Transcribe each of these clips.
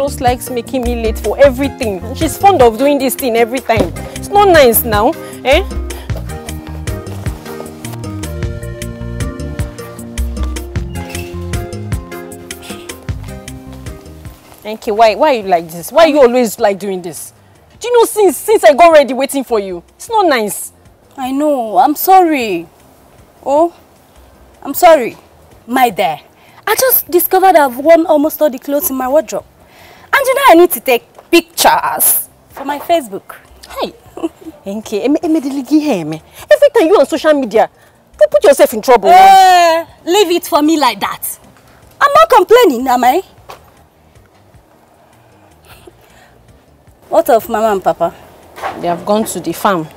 just likes making me late for everything. She's fond of doing this thing every time. It's not nice now, eh? you. why, why you like this? Why you always like doing this? Do you know since, since I got ready waiting for you? It's not nice. I know. I'm sorry. Oh, I'm sorry. My dear, I just discovered I've worn almost all the clothes in my wardrobe. Regina, I need to take pictures for my Facebook. Hey, Enke, every time you on social media, you put yourself in trouble. Uh, leave it for me like that. I'm not complaining, am I? What of Mama and Papa? They have gone to the farm.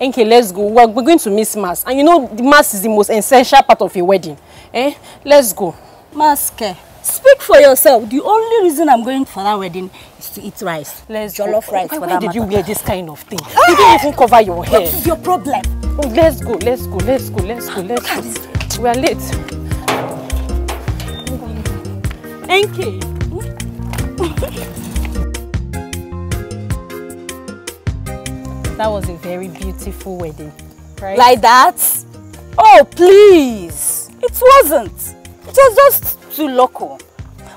Enke, let's go. We're going to miss mass. And you know, the mass is the most essential part of your wedding. Eh? Let's go. Mass care. Speak for yourself. The only reason I'm going for that wedding is to eat rice. Let's jollof rice why, for why that did matter. you wear this kind of thing? Ah! You didn't even cover your hair. What's your problem? Oh, let's go, let's go, let's go, let's go, let's go. We are late. you. that was a very beautiful wedding, right? Like that? Oh, please. It wasn't. It was just too local.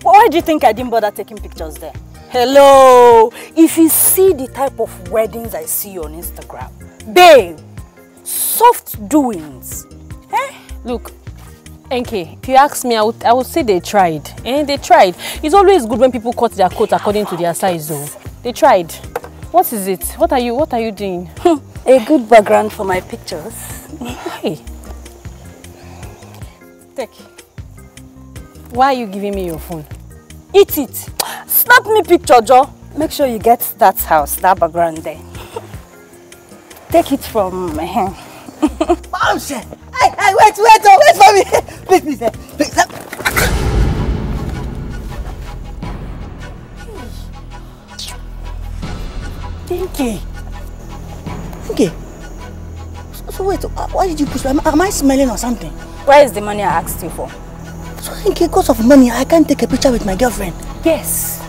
Well, why do you think I didn't bother taking pictures there? Hello! If you see the type of weddings I see on Instagram, babe, soft doings. Eh? Look, Enke, if you ask me, I would, I would say they tried. Eh? They tried. It's always good when people cut their coat according to their size, though. They tried. What is it? What are you, what are you doing? Hmm. A good background for my pictures. hey. Take. Why are you giving me your phone? Eat it. Snap me picture, Joe. Make sure you get that house, that background there. Take it from my hand. Mom, hey, hey, wait, wait, oh, wait for me. Please, please, there. please. Eh. Dinky. Dinky. So, so wait, why did you push me? Am, am I smelling or something? Where is the money I asked you for? So in case of money, I can't take a picture with my girlfriend. Yes.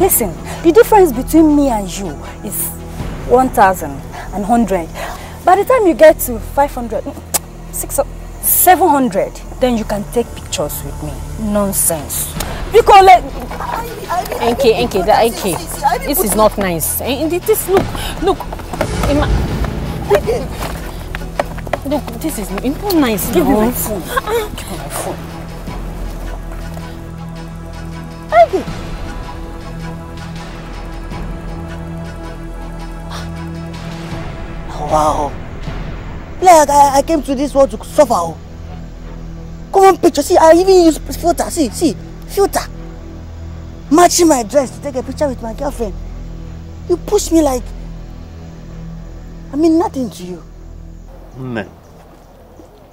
Listen, the difference between me and you is 1,000 and 100. By the time you get to 500, mm, 600, 700, then you can take pictures with me. Nonsense. Because like... Enke, Enke, the Enke. This is not nice. Eh, eh, this, look, look. Look, this is not nice. Give no. me my phone. Ah, give me my phone. Wow. Oh. Like I, I came to this world to suffer. Oh. Come on, picture. See, I even use filter. See, see, filter. Matching my dress to take a picture with my girlfriend. You push me like I mean nothing to you. Nne.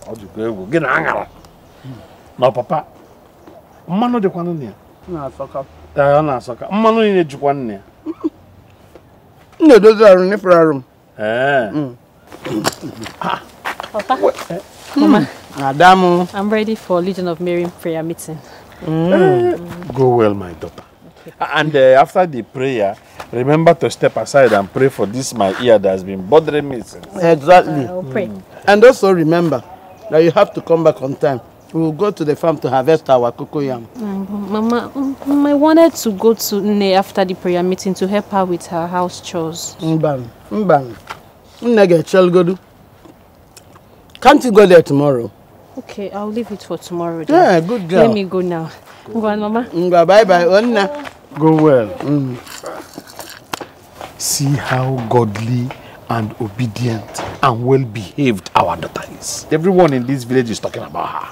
Ọ dịkwa egwu gị na aṅara na papa mmanụ dịkwa nne ya. Na-asọka. Ee, ọ na-asọka. Mmanụ niile jikwa nne ya. M na-edozi arụ n'ifere arụ m. Papa, Mama, Adamu. I'm ready for Legion of Mary prayer meeting. Mm. Go well, my daughter. Okay. And uh, after the prayer, remember to step aside and pray for this my ear that has been bothering me since. Exactly. Uh, pray. Mm. And also remember that you have to come back on time. We will go to the farm to harvest our cocoa yam. Mm, Mama, mm, I wanted to go to Nne after the prayer meeting to help her with her house chores. Mm, mba nne ga-echelgodu can't you go there tomorrow okay i'll leave it for tomorrow then. yeah good girl let me go now ngwa mama ngwa bye bye onna go well mm. see how godly and obedient and well behaved our daughter is everyone in this village is talking about her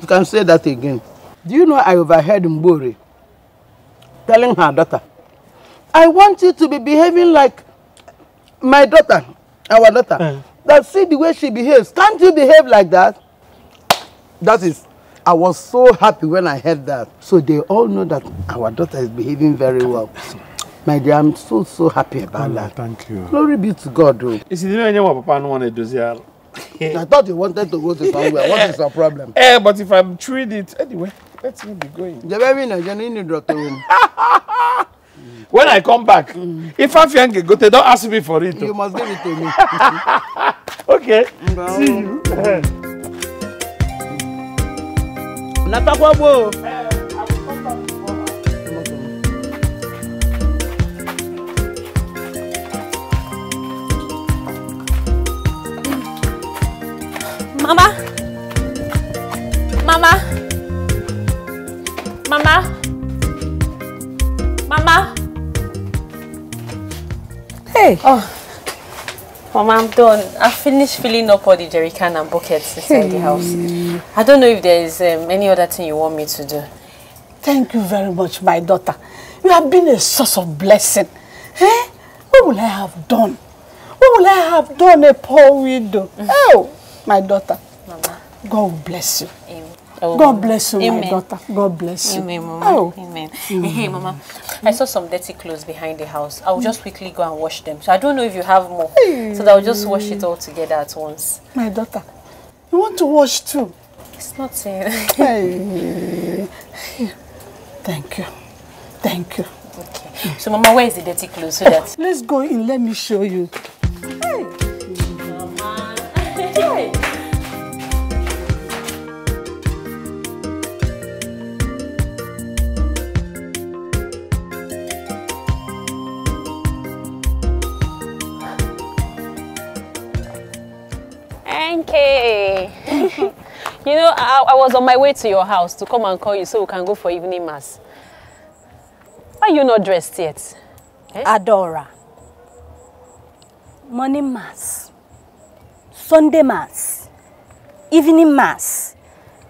you can say that again do you know i overheard mbori telling her daughter I want you to be behaving like my daughter, our daughter. Eh. That see the way she behaves. Can't you behave like that? That is, I was so happy when I heard that. So they all know that our daughter is behaving very well. My dear, I'm so, so happy about oh, that. Thank you. Glory be to God, though. Is it any more Papa no want to do I thought you wanted to go to somewhere. What is your problem? Eh, but if I'm treated anyway, let me be going. You're very Nigerian, you when i come back mm. ifafiange gote don't ask me for it. you must give it to me. okay no. see you. Mm. natakwa bo. Mama. Mama. Mama. Mama. Hey. Oh. Mama, I'm done. I finished filling up all the jerry can and buckets inside hey. the house. I don't know if there is um, any other thing you want me to do. Thank you very much, my daughter. You have been a source of blessing. Eh? What would I have done? What would I have done, a poor widow? Mm. Oh, my daughter. Mama. God will bless you. Amen. Oh, God bless you, Amen. my daughter. God bless you. Amen, Mama. Oh. Amen. Mm. Hey, Mama. Mm. I saw some dirty clothes behind the house. I'll just quickly go and wash them. So I don't know if you have more. Hey. So that I'll just wash it all together at once. My daughter, you want to wash too? It's not saying. hey. Thank you. Thank you. Okay. So, Mama, where is the dirty clothes so that... Let's go in. Let me show you. Hey. Okay. you know, I, I was on my way to your house to come and call you so we can go for evening mass. Why are you not dressed yet? Eh? Adora. Morning mass. Sunday mass. Evening mass.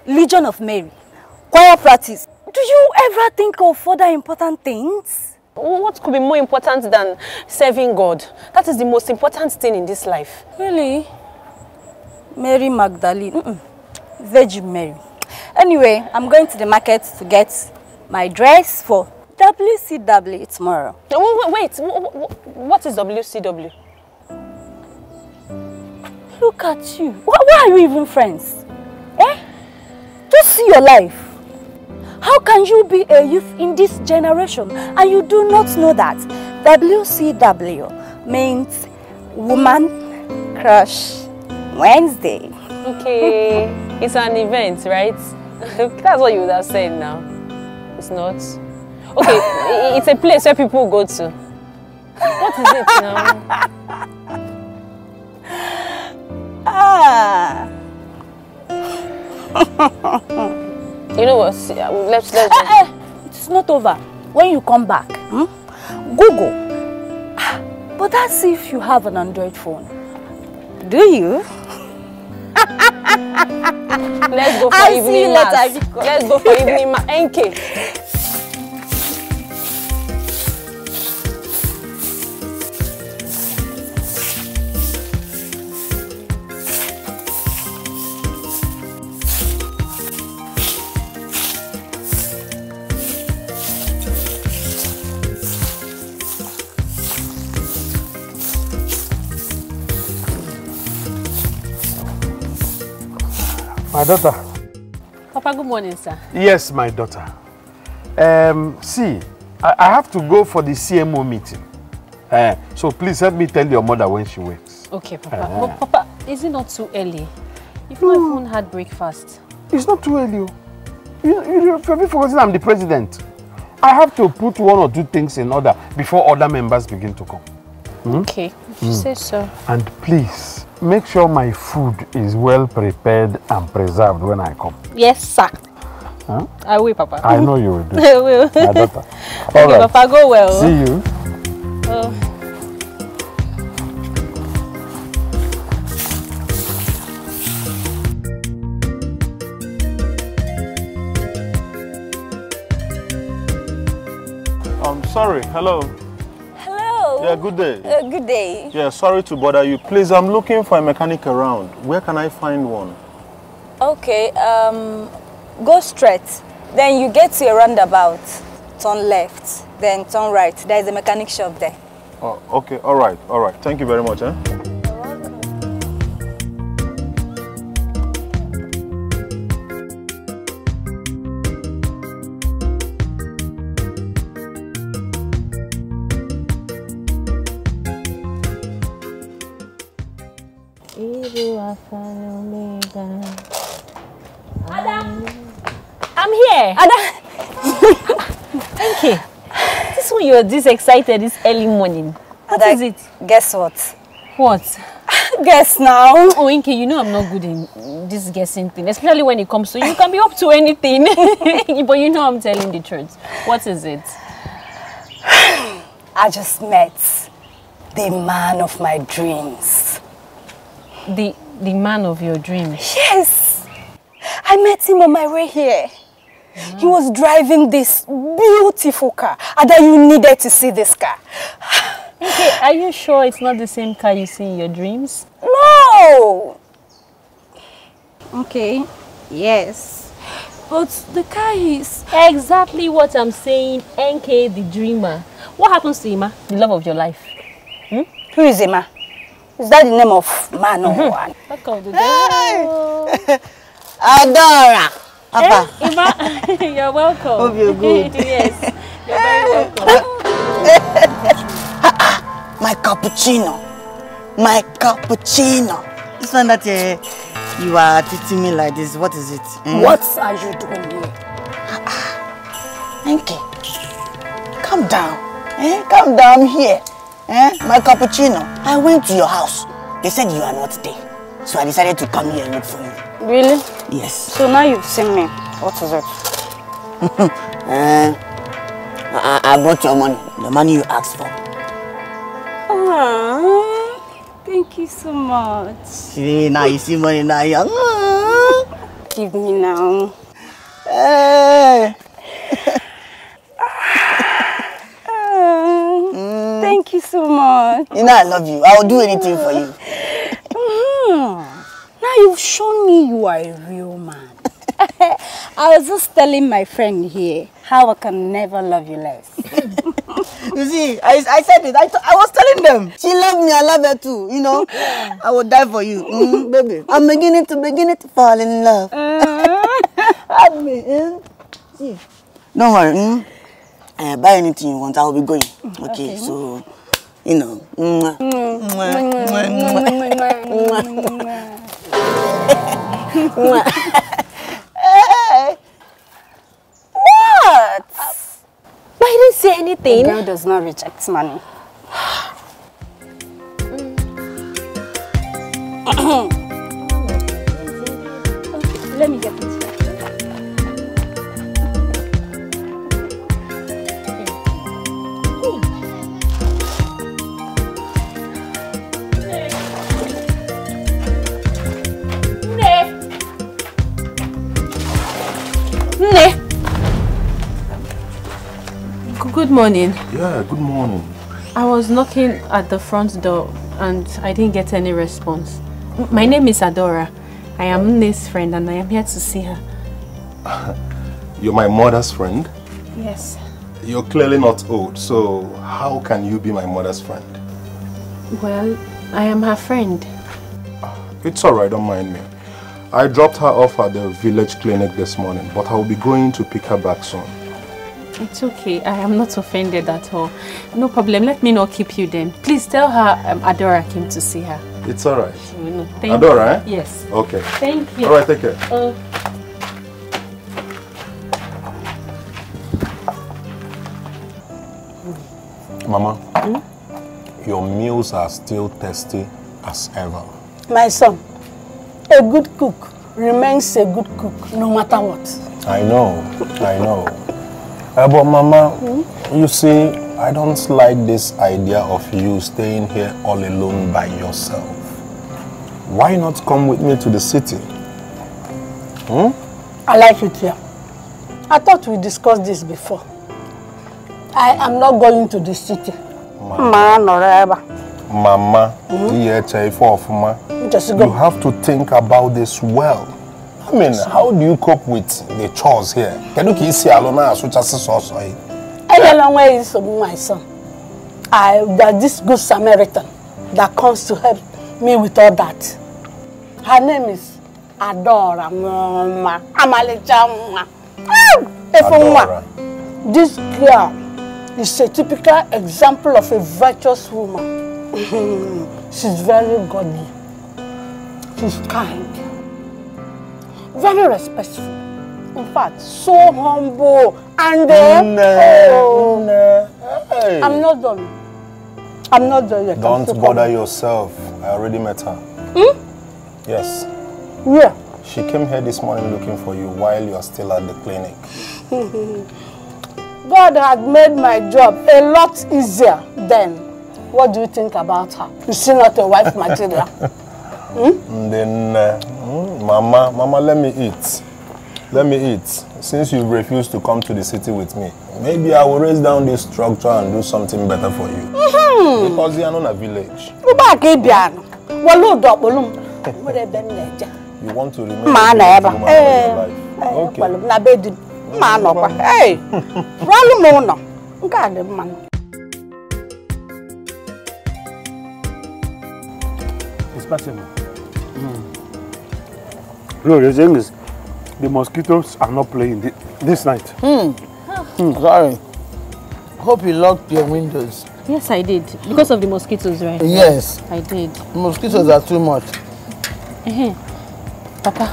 Legion of Mary. Choir practice. Do you ever think of other important things? What could be more important than serving God? That is the most important thing in this life. Really? Mary Magdalene. Mm -mm. Virgin Mary. Anyway, I'm going to the market to get my dress for WCW tomorrow. Wait, wait, wait. what is WCW? Look at you. Why, why are you even friends? Eh? Just see your life. How can you be a youth in this generation and you do not know that? WCW means woman crush. Wednesday. Okay, it's an event, right? That's what you would have said now. It's not. Okay, it's a place where people go to. What is it now? ah. you know what? Uh, let's let's. Ah, eh, it's not over. When you come back, hmm? Google. Ah, but that's if you have an Android phone. Do you? Let's go for I'll evening mass. Let's go for evening mass. NK. My daughter. Papa, good morning, sir. Yes, my daughter. Um, see, I, I have to go for the CMO meeting. Uh, so please help me tell your mother when she wakes. Okay, Papa. Uh, but Papa, is it not too early? You've not even had breakfast. It's not too early. Oh. You, you, you're forgetting I'm the president. I have to put one or two things in order before other members begin to come. Hmm? Okay, if you hmm. say so. And please, make sure my food is well prepared and preserved when I come. Yes, sir. Huh? I will, Papa. I know you will do. I will. My daughter. All okay, right. Papa, go well. See you. Oh. Um, sorry, hello. Yeah, good day. Uh, good day. Yeah, sorry to bother you. Please, I'm looking for a mechanic around. Where can I find one? Okay, um, go straight. Then you get to a roundabout. Turn left, then turn right. There is a mechanic shop there. Oh, okay, all right, all right. Thank you very much. Eh? Yeah. Thank you. This one you're this excited this early morning. What Ada, is it? Guess what? What? Guess now. Oh, Inke, you know I'm not good in this guessing thing, especially when it comes to you can be up to anything. but you know I'm telling the truth. What is it? I just met the man of my dreams. The the man of your dreams? Yes. I met him on my way here. Wow. He was driving this beautiful car. And you needed to see this car. okay, are you sure it's not the same car you see in your dreams? No! Okay, yes. But the car is... Exactly what I'm saying, NK the dreamer. What happens to Ima, the love of your life? Hmm? Who is Ima? Is that the name of man or mm -hmm. one? Back of the door. Hey! Adora! Abba. Eh, Ima, you're welcome. Hope you're good. yes, you're very welcome. my cappuccino. My cappuccino. This one that uh, you are treating me like this, what is it? Mm? What are you doing here? Thank ah, ah. you. calm down. Eh? Calm down here. Eh? My cappuccino. I went to your house. They said you are not there. So I decided to come here and look for you. Really? Yes. So now you've seen me. What is it? uh, I, I brought your money, the money you asked for. Ah, thank you so much. See, now you see money now. Aww. Ah. Give me now. Hey. Eh. Ah, mm. Thank you so much. You know I love you. I will do anything for you. Mm-hmm. Now you've shown me you are a real man. I was just telling my friend here how I can never love you less. you see, I, I said it. I, I was telling them. She loved me, I love her too, you know. I would die for you, mm, baby. I'm beginning to, beginning to fall in love. me, eh? See. Don't worry, mm? uh, buy anything you want, I'll be going. Okay, okay. so, you know. Mwah. Mwah. Mwah. Mwah. Mwah. Mwah. Mwah. Mwah. What? But he didn't say anything. The girl does not reject money. Let me get this. Good morning. Yeah, good morning. I was knocking at the front door and I didn't get any response. My oh. name is Adora. I am this friend and I am here to see her. You're my mother's friend? Yes. You're clearly not old, so how can you be my mother's friend? Well, I am her friend. Ah, it's alright, don't mind me. I dropped her off at the village clinic this morning, but I'll be going to pick her back soon. It's okay. I am not offended at all. No problem. Let me not keep you then. Please tell her um, Adora came to see her. It's all right. Thank Adora, you. eh? Yes. Okay. Thank you. All right, take care. Uh, Mama, hmm? your meals are still tasty as ever. My son, a good cook remains a good cook no matter what. I know, I know. Uh, but Mama, hmm? you see, I don't like this idea of you staying here all alone by yourself. Why not come with me to the city? Hmm? I like it here. I thought we discussed this before. I am not going to the city. Mama, Mama, Mama mm -hmm. you have to think about this well. I mean, how do you cope with the chores here? Can you see Alona as such as a source? I don't know where is my son. I that this good Samaritan that comes to help me with all that. Her name is Adora Mama Amalecha Mama. Ah! This girl is a typical example of a virtuous woman. She's very godly. She's kind. very respectful. In fact, so humble. And then, uh, no, oh, no. hey. I'm not done. I'm not done yet. Don't bother yourself. I already met her. Hmm? Yes. Yeah. She came here this morning looking for you while you are still at the clinic. God had made my job a lot easier then. What do you think about her? Is she not a wife material? hmm? Then. Uh, Hmm, mama, mama, let me eat. Let me eat. Since you've refused to come to the city with me, maybe I will raise down this structure and do something better for you. Mm -hmm. Because you are not a village. You want to remain Ma a woman all your eh, life. Eh, okay. okay. mma mm-hmm. No, the thing is, the mosquitoes are not playing this night. Hmm. hmm. Sorry. Hope you locked your windows. Yes, I did. Because of the mosquitoes, right? Yes. I did. mosquitoes are too much. Uh -huh. Papa,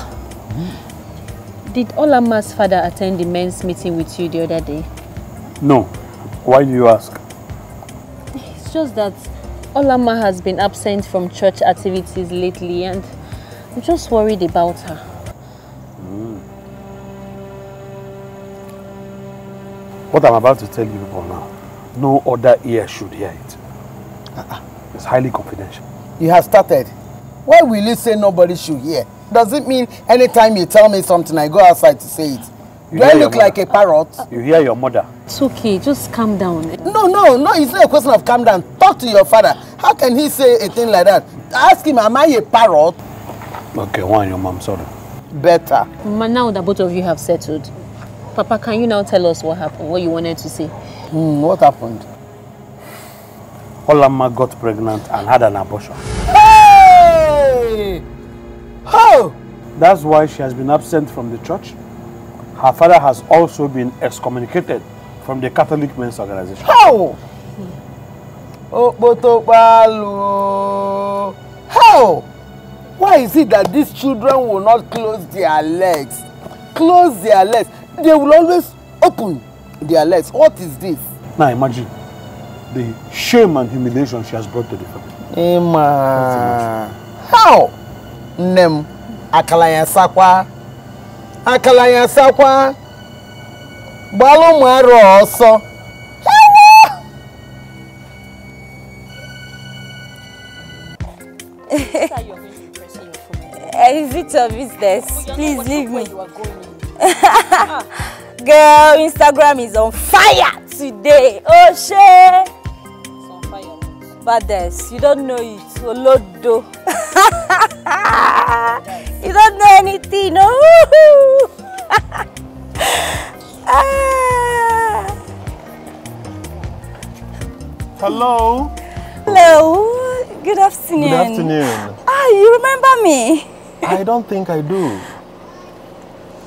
hmm? did Olama's father attend the men's meeting with you the other day? No. Why do you ask? It's just that Olama has been absent from church activities lately and I'm just worried about her. Mm. What I'm about to tell you people now, no other ear should hear it. Uh -uh. It's highly confidential. You have started. Why will you say nobody should hear? Does it mean anytime you tell me something, I go outside to say it? You Do I look like a parrot? You hear your mother. It's okay, just calm down. No, no, no, it's not a question of calm down. Talk to your father. How can he say a thing like that? Ask him, am I a parrot? Okay, one, your mom, sorry. Better. But now that both of you have settled, Papa, can you now tell us what happened, what you wanted to say? Mm, what happened? Olama got pregnant and had an abortion. Hey! Oh! That's why she has been absent from the church. Her father has also been excommunicated from the Catholic Men's Organization. How? Oh, How? why is it that these children will not close their legs close their legs they will always open their legs what is this. now imagine the shame and humiliation she has brought to the family. Emma, How? Nem. Akalayansakwa. Akalayansakwa. Gbalo mwaro ọsọ. bit business. Oh, Please leave me. Girl, Instagram is on fire today. Oh shit. Baddest, you don't know it. Olodo. you don't know anything. No. Hello. Hello. Good afternoon. Good afternoon. Ah, you remember me? I don't think I do.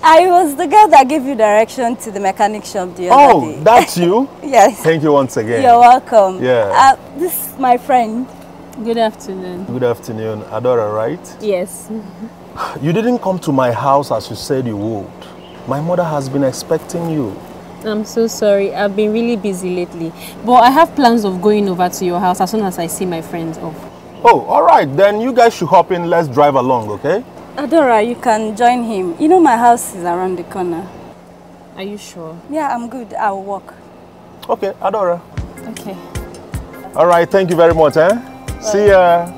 I was the girl that gave you direction to the mechanic shop the other oh, day. Oh, that's you? yes. Thank you once again. You're welcome. Yeah. Uh, this is my friend. Good afternoon. Good afternoon. Adora, right? Yes. you didn't come to my house as you said you would. My mother has been expecting you. I'm so sorry. I've been really busy lately. But I have plans of going over to your house as soon as I see my friends off. Oh, all right. Then you guys should hop in. Let's drive along, okay? Adora, you can join him. You know my house is around the corner. Are you sure? Yeah, I'm good. I'll walk. Okay, Adora. Okay. All right. Thank you very much, eh? Bye. See ya.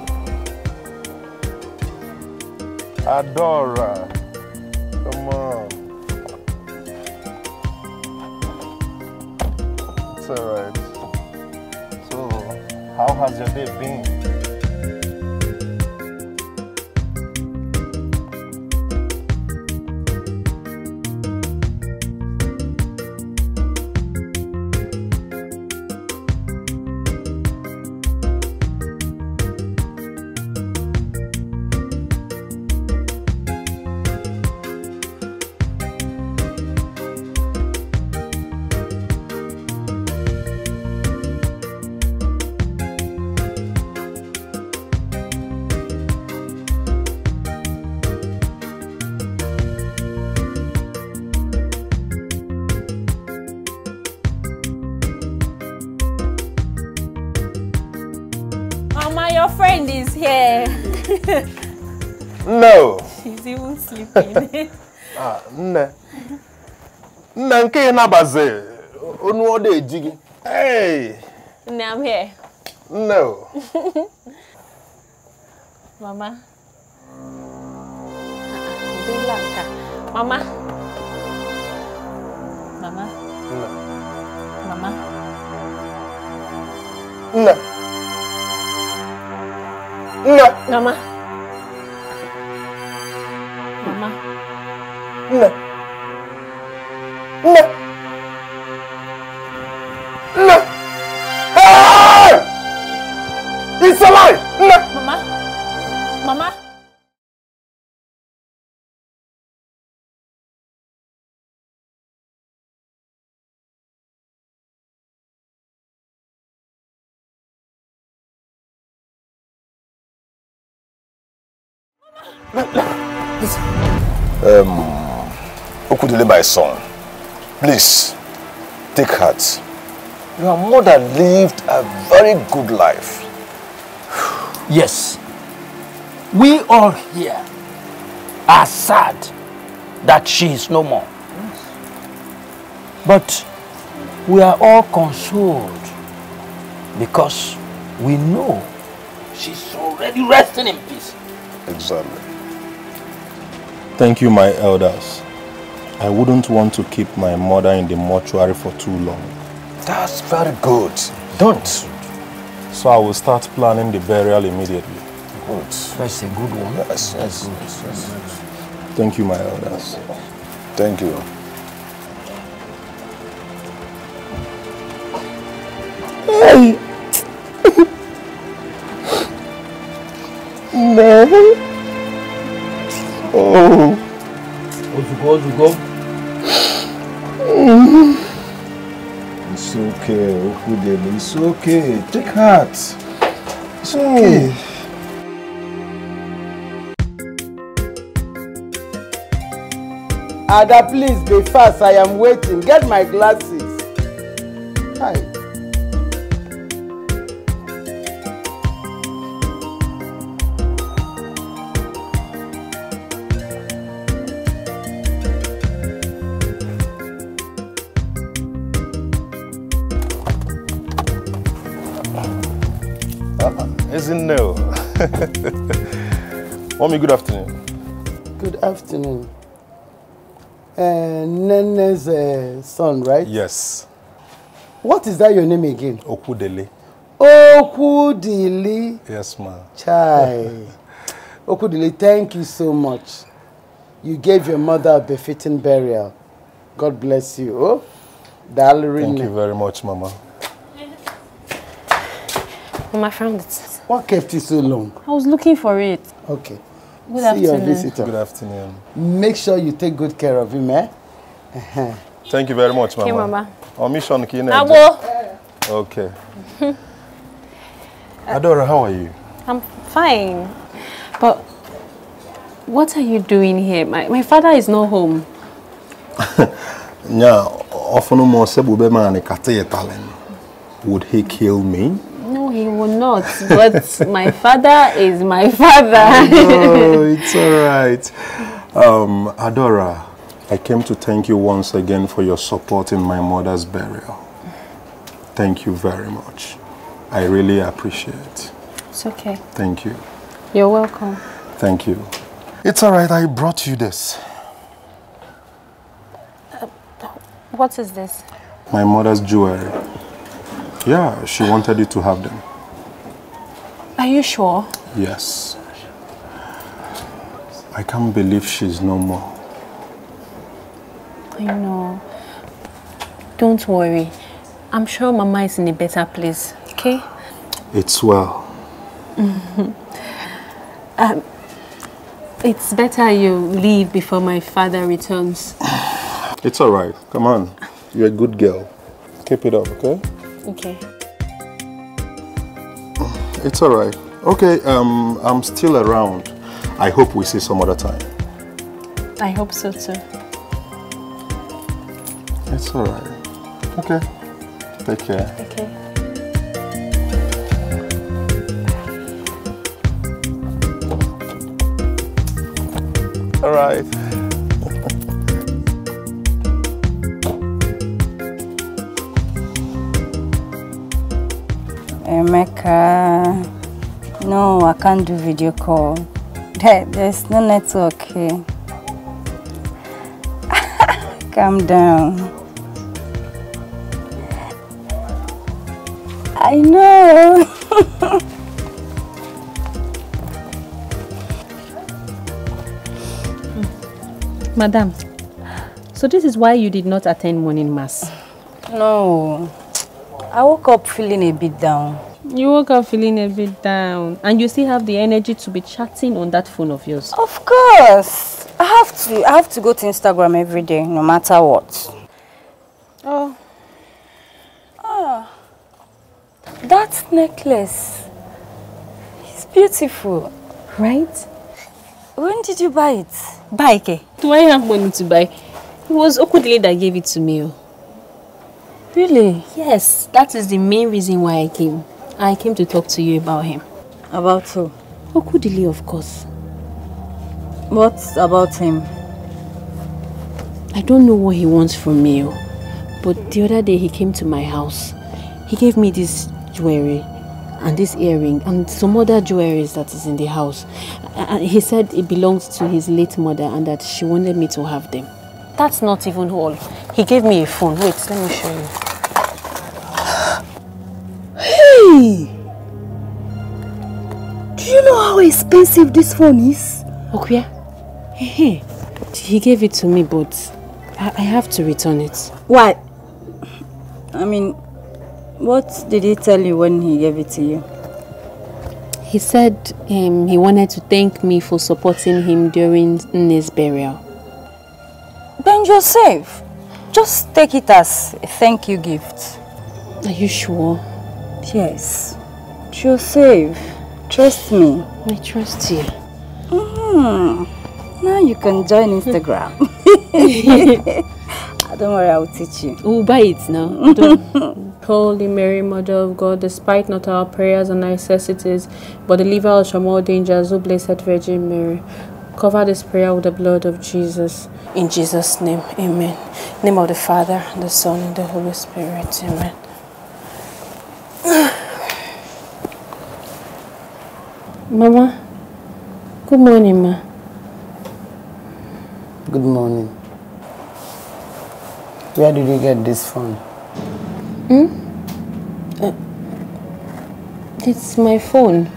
Adora. Come on. It's all right. So, how has your day been? não pini. ah Não, nne nke ị nabazi onu ọ na-eji gị. Não, Nne Não. here. Nne o. Mama. Não. Não. Mama. Não. Não. Não. Não. Não. Não. Nực Nực Nực Hey It's alive Nực Mama Mama Mama. Listen. Um, Okudele, my son, please take heart. Your mother lived a very good life. yes. We all here are sad that she is no more. Yes. But we are all consoled because we know she's already resting in peace. Exactly. Thank you, my elders. I wouldn't want to keep my mother in the mortuary for too long. That's very good. Don't. So I will start planning the burial immediately. Good. That's a good one. Yes, yes, good. yes, yes. Thank you, my elders. Thank you. Hey! no! Oh! Ozuko, Ozuko. It's okay, Okudemi. It's okay. Take heart. It's okay. Mm. Ada, please be fast. I am waiting. Get my glasses. Hi. Mommy, good afternoon. Good afternoon. Uh, Nene's uh, son, right? Yes. What is that your name again? Okudele. Okudele. Yes, ma'am. Chai. Okudele, thank you so much. You gave your mother a befitting burial. God bless you. Oh, darling. Thank you very much, Mama. Mama found it. What kept you so long? I was looking for it. Okay. Good See afternoon. your visitor. Good afternoon. Make sure you take good care of him, eh? Uh-huh. Thank you very much, Mama. Okay, Mama. Our mission, Kine. Okay. Adora, how are you? I'm fine. But what are you doing here? My, my father is not home. yeah, often more sebube man talent. Would he kill me? He will not, but my father is my father. no, it's all right. Um, Adora, I came to thank you once again for your support in my mother's burial. Thank you very much. I really appreciate. It's okay. Thank you. You're welcome. Thank you. It's all right, I brought you this. Uh, what is this? My mother's jewelry. Yeah, she wanted you to have them. Are you sure? Yes. I can't believe she's no more. I know. Don't worry. I'm sure Mama is in a better place, okay? It's well. um, it's better you leave before my father returns. It's all right. Come on. You're a good girl. Keep it up, okay? Okay. It's all right. Okay, um, I'm still around. I hope we see some other time. I hope so too. It's all right. Okay. Take care. Okay. All right. Emeka. No, I can't do video call. There, there's no network here. Calm down. I know. Madam, so this is why you did not attend morning mass? No. I woke up feeling a bit down. You woke up feeling a bit down, and you still have the energy to be chatting on that phone of yours. Of course, I have to. I have to go to Instagram every day, no matter what. Oh. Ah. That necklace It's beautiful, right? When did you buy it? Buy it. Do I have money to buy? It was Okudile that gave it to me. Oh. Really? Yes, that is the main reason why I came. I came to talk to you about him. About who? Okudili, of course. What about him? I don't know what he wants from me, oh. but the other day he came to my house. He gave me this jewelry and this earring and some other jewelry that is in the house. And he said it belongs to his late mother and that she wanted me to have them. That's not even all. He gave me a phone. Wait, let me show you. Do you know how expensive this phone is? Okuya, hey, eh, eh, he gave it to me but I, I have to return it. What? I mean, what did he tell you when he gave it to you? He said um, he wanted to thank me for supporting him during his burial. Then you're safe. Just take it as a thank you gift. Are you sure? Yes. You're safe. Trust me. I trust you. Mm. Now you can join Instagram. Don't worry, I'll teach you. We'll buy it now. Holy Mary, Mother of God, despite not our prayers and necessities, but deliver us from all dangers, O Blessed Virgin Mary. Cover this prayer with the blood of Jesus. In Jesus' name, amen. name of the Father, the Son, and the Holy Spirit, amen. Mama, good morning, ma. Good morning. Where did you get this phone? Hmm? Uh, it's my phone.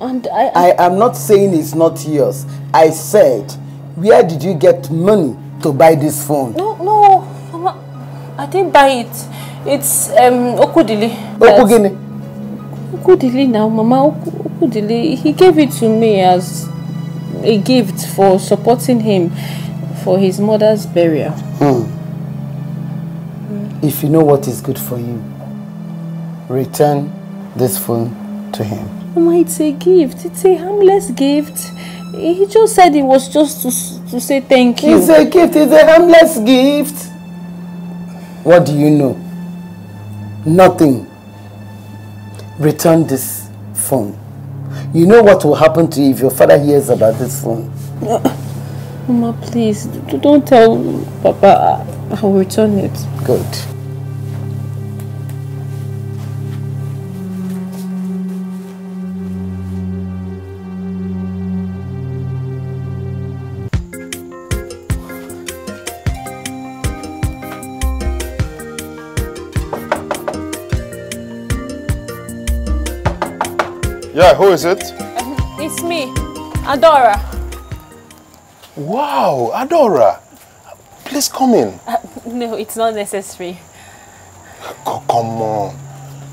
And I, I... I am not saying it's not yours. I said, where did you get money to buy this phone? No, no, Mama, I didn't buy it. It's um Okudili. Okugini. Okudili now, Mama Okudili. He gave it to me as a gift for supporting him for his mother's burial. Mm. If you know what is good for you, return this phone to him. Mama, it's a gift. It's a harmless gift. He just said it was just to, to say thank you. It's a gift. It's a harmless gift. What do you know? Nothing. Return this phone. You know what will happen to you if your father hears about this phone? Mama, please, don't tell Papa. I will return it. Good. Yeah, who is it? It's me, Adora. Wow, Adora. Please come in. Uh, no, it's not necessary. come on.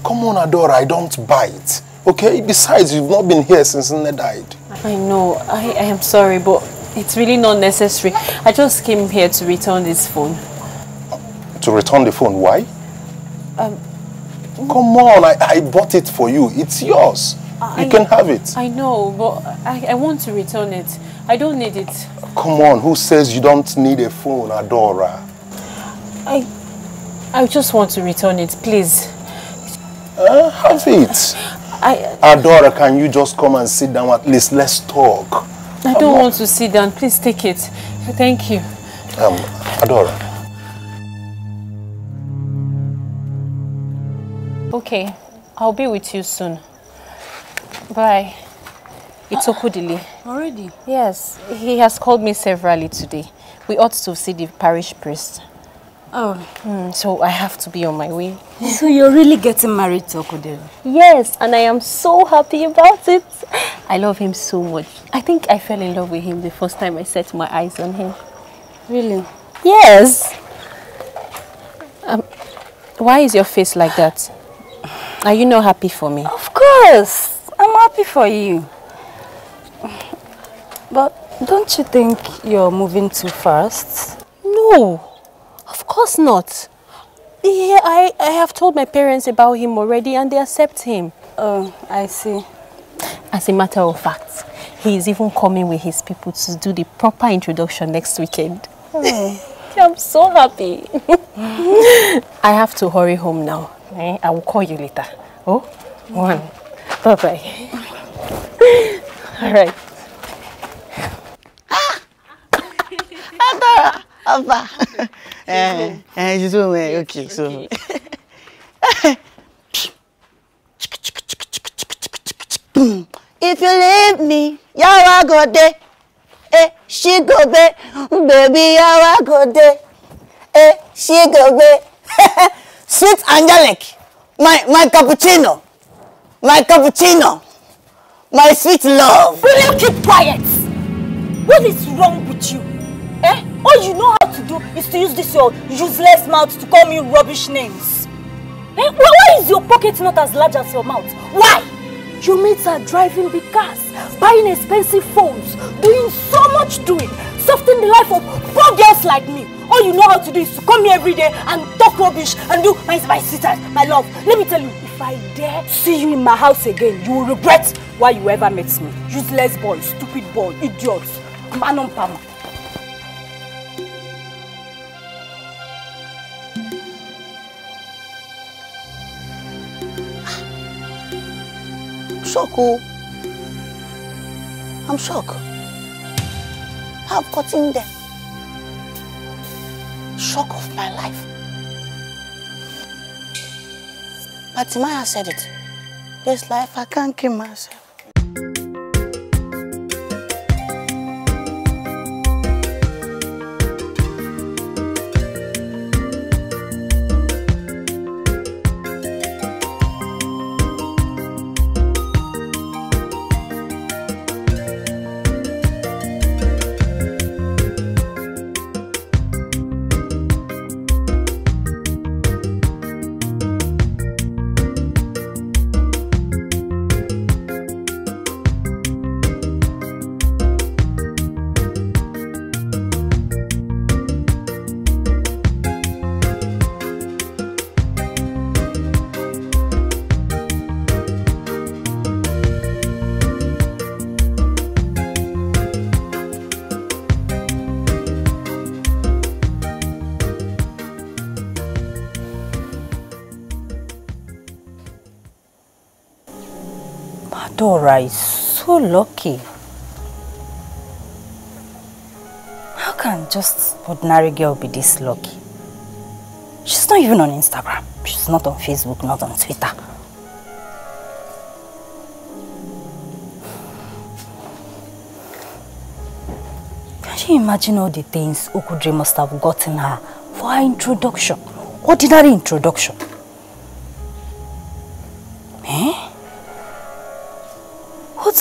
Come on, Adora, I don't bite. Okay? Besides, you've not been here since Nne died. I know. I, I am sorry, but it's really not necessary. I just came here to return this phone. To return the phone? Why? Um, Come on, I, I bought it for you. It's yours. Ah, I, you can have it. I know, but I, I want to return it. I don't need it. Come on, who says you don't need a phone, Adora? I, I just want to return it, please. Uh, have it. I, Adora, can you just come and sit down at least? Let's talk. I don't want to sit down. Please take it. Thank you. Um, Adora. Okay, I'll be with you soon. Bye. It's ah, Okudili. Already? Yes. He has called me severally today. We ought to see the parish priest. Oh. Mm, so I have to be on my way. So you're really getting married to Okudili? Yes, and I am so happy about it. I love him so much. I think I fell in love with him the first time I set my eyes on him. Really? Yes. Um, why is your face like that? Are you not happy for me? Of course. I'm happy for you. But don't you think you're moving too fast? No, of course not. Yeah, I, I have told my parents about him already and they accept him. Oh, I see. As a matter of fact, he is even coming with his people to do the proper introduction next weekend. Oh. I'm so happy. I have to hurry home now. Eh, I will call you later. Oh, one. Bye-bye. All right. Ah. Atara, Aba. Eh, eh, she's woman. Okay, so. If you leave me, yawa go dey. Eh, she go be, baby yawa go dey. Eh, she go be. Sweet angelic, my my cappuccino. My cappuccino. My sweet love. Will you keep quiet? What is wrong with you? Eh? All you know how to do is to use this your useless mouth to call me rubbish names. Eh? Why is your pocket not as large as your mouth? Why? Your mates are driving big cars, buying expensive phones, doing so much doing, softening the life of poor girls like me. All you know how to do is to come here every day and talk rubbish and do my, my sisters, my love. Let me tell you, if I dare see you in my house again, you will regret why you ever met me. Useless boy, stupid boy, idiot, man on palma. shocked, oh. I'm shocked. I've gotten there. shock of my life. But Maya said it. This life, I can't kill myself. Sarah is so lucky. How can just ordinary girl be this lucky? She's not even on Instagram. She's not on Facebook, not on Twitter. Can you imagine all the things Okudre must have gotten her for her introduction? Ordinary introduction.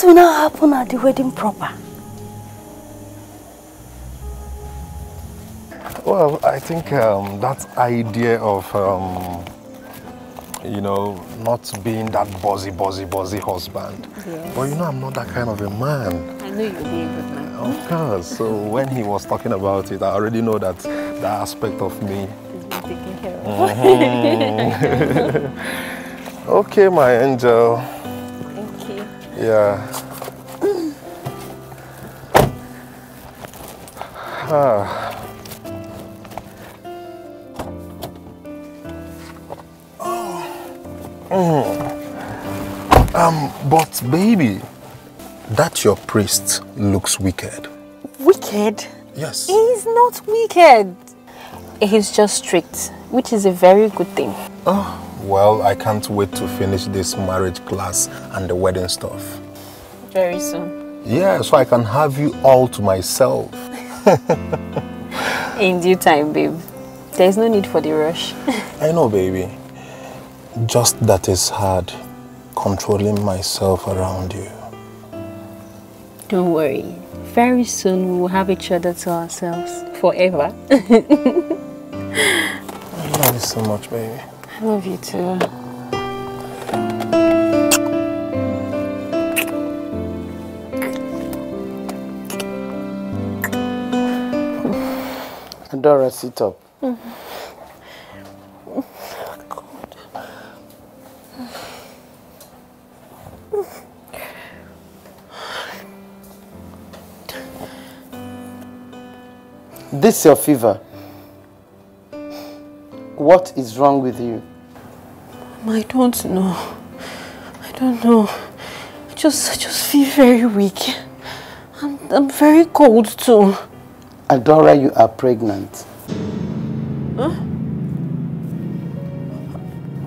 will now happen at the wedding proper? Well, I think um, that idea of, um, you know, not being that buzzy, buzzy, buzzy husband. Yes. you know, I'm not that kind of a man. I know you would be a good man. Of course. so when he was talking about it, I already know that that aspect of me. Taken care of. Mm -hmm. okay, my angel. Thank you. Yeah. Ah. Oh. Mm. Um, but baby, that your priest looks wicked. Wicked? Yes. He's not wicked. He's just strict, which is a very good thing. Oh, well, I can't wait to finish this marriage class and the wedding stuff. Very soon. Yeah, so I can have you all to myself. In due time, babe. There's no need for the rush. I know, baby. Just that it's hard controlling myself around you. Don't worry. Very soon we'll have each other to ourselves. Forever. I love you so much, baby. I love you too. Dora, sit up. This your fever. What is wrong with you? I don't know. I don't know. I just, I just feel very weak. I'm, I'm very cold too. Adora, you are pregnant. Huh?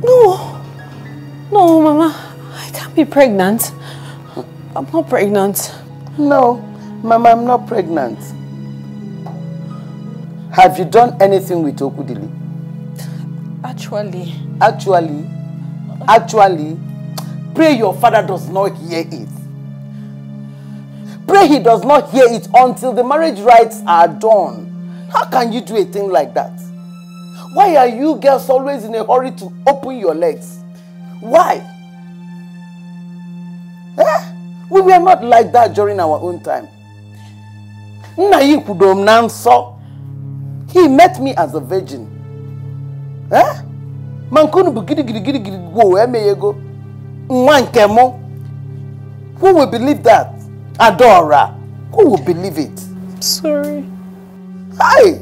No. No, Mama. I can't be pregnant. I'm not pregnant. No, Mama, I'm not pregnant. Have you done anything with Okudili? Actually. Actually? Actually? Pray your father does not hear it. Pray he does not hear it until the marriage rites are done. How can you do a thing like that? Why are you girls always in a hurry to open your legs? Why? Eh? We were not like that during our own time. Nayikudom Nanso. He met me as a virgin. Eh? Mankunu bugidi gidi gidi gidi go emeyego. Nwa nke mụ. Who will believe that? Adora, who would believe it? I'm sorry. Hi!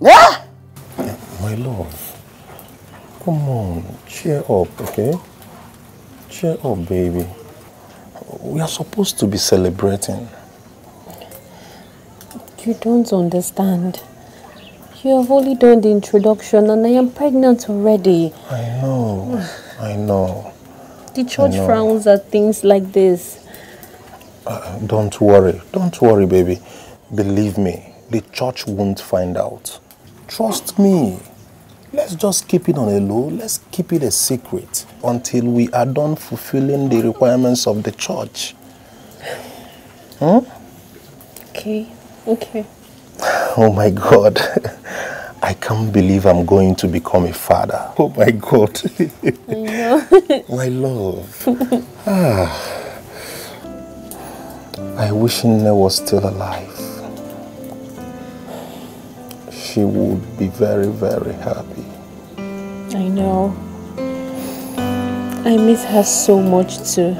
Yeah? My love, come on, cheer up, okay? Cheer up, baby. We are supposed to be celebrating. You don't understand. You have only done the introduction and I am pregnant already. I know, I know. The church frowns at things like this. Uh, don't worry. Don't worry, baby. Believe me, the church won't find out. Trust me. Let's just keep it on a low. Let's keep it a secret until we are done fulfilling the requirements of the church. Hmm? Okay, okay. Oh my God. I can't believe I'm going to become a father. Oh my God. my love. ah. I wish Nne was still alive. She would be very, very happy. I know. I miss her so much too.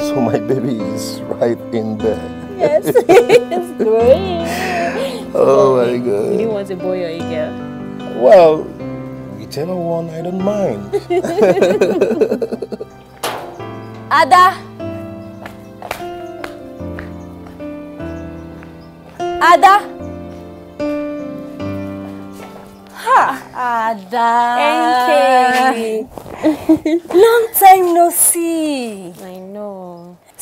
So my baby is right in there. Yes, it's great. Oh my God. Did you want a boy or a girl? Well, whichever one, I don't mind. Ada! Ada! Ha! Ada! Enke! Long time no see! I know.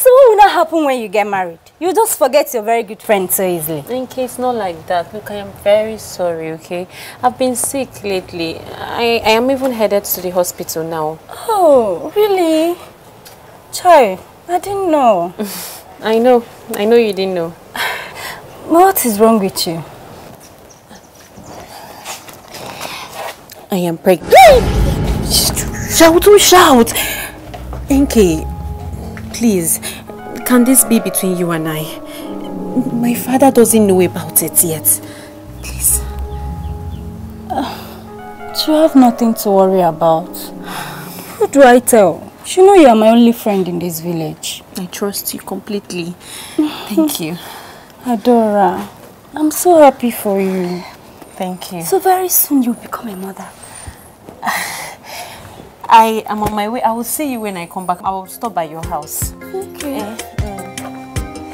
So what will not happen when you get married? You just forget your very good friend so easily. Okay, it's not like that. Look, I am very sorry, okay? I've been sick lately. I, I am even headed to the hospital now. Oh, really? Chai, I didn't know. I know. I know you didn't know. what is wrong with you? I am pregnant. Shout, shout! Enki, Please, can this be between you and I? My father doesn't know about it yet. Please. Uh, you have nothing to worry about. Who do I tell? You know you are my only friend in this village. I trust you completely. Thank you. Adora, I'm so happy for you. Thank you. So very soon you'll become a mother. I am on my way. I will see you when I come back. I will stop by your house. Okay. Eh?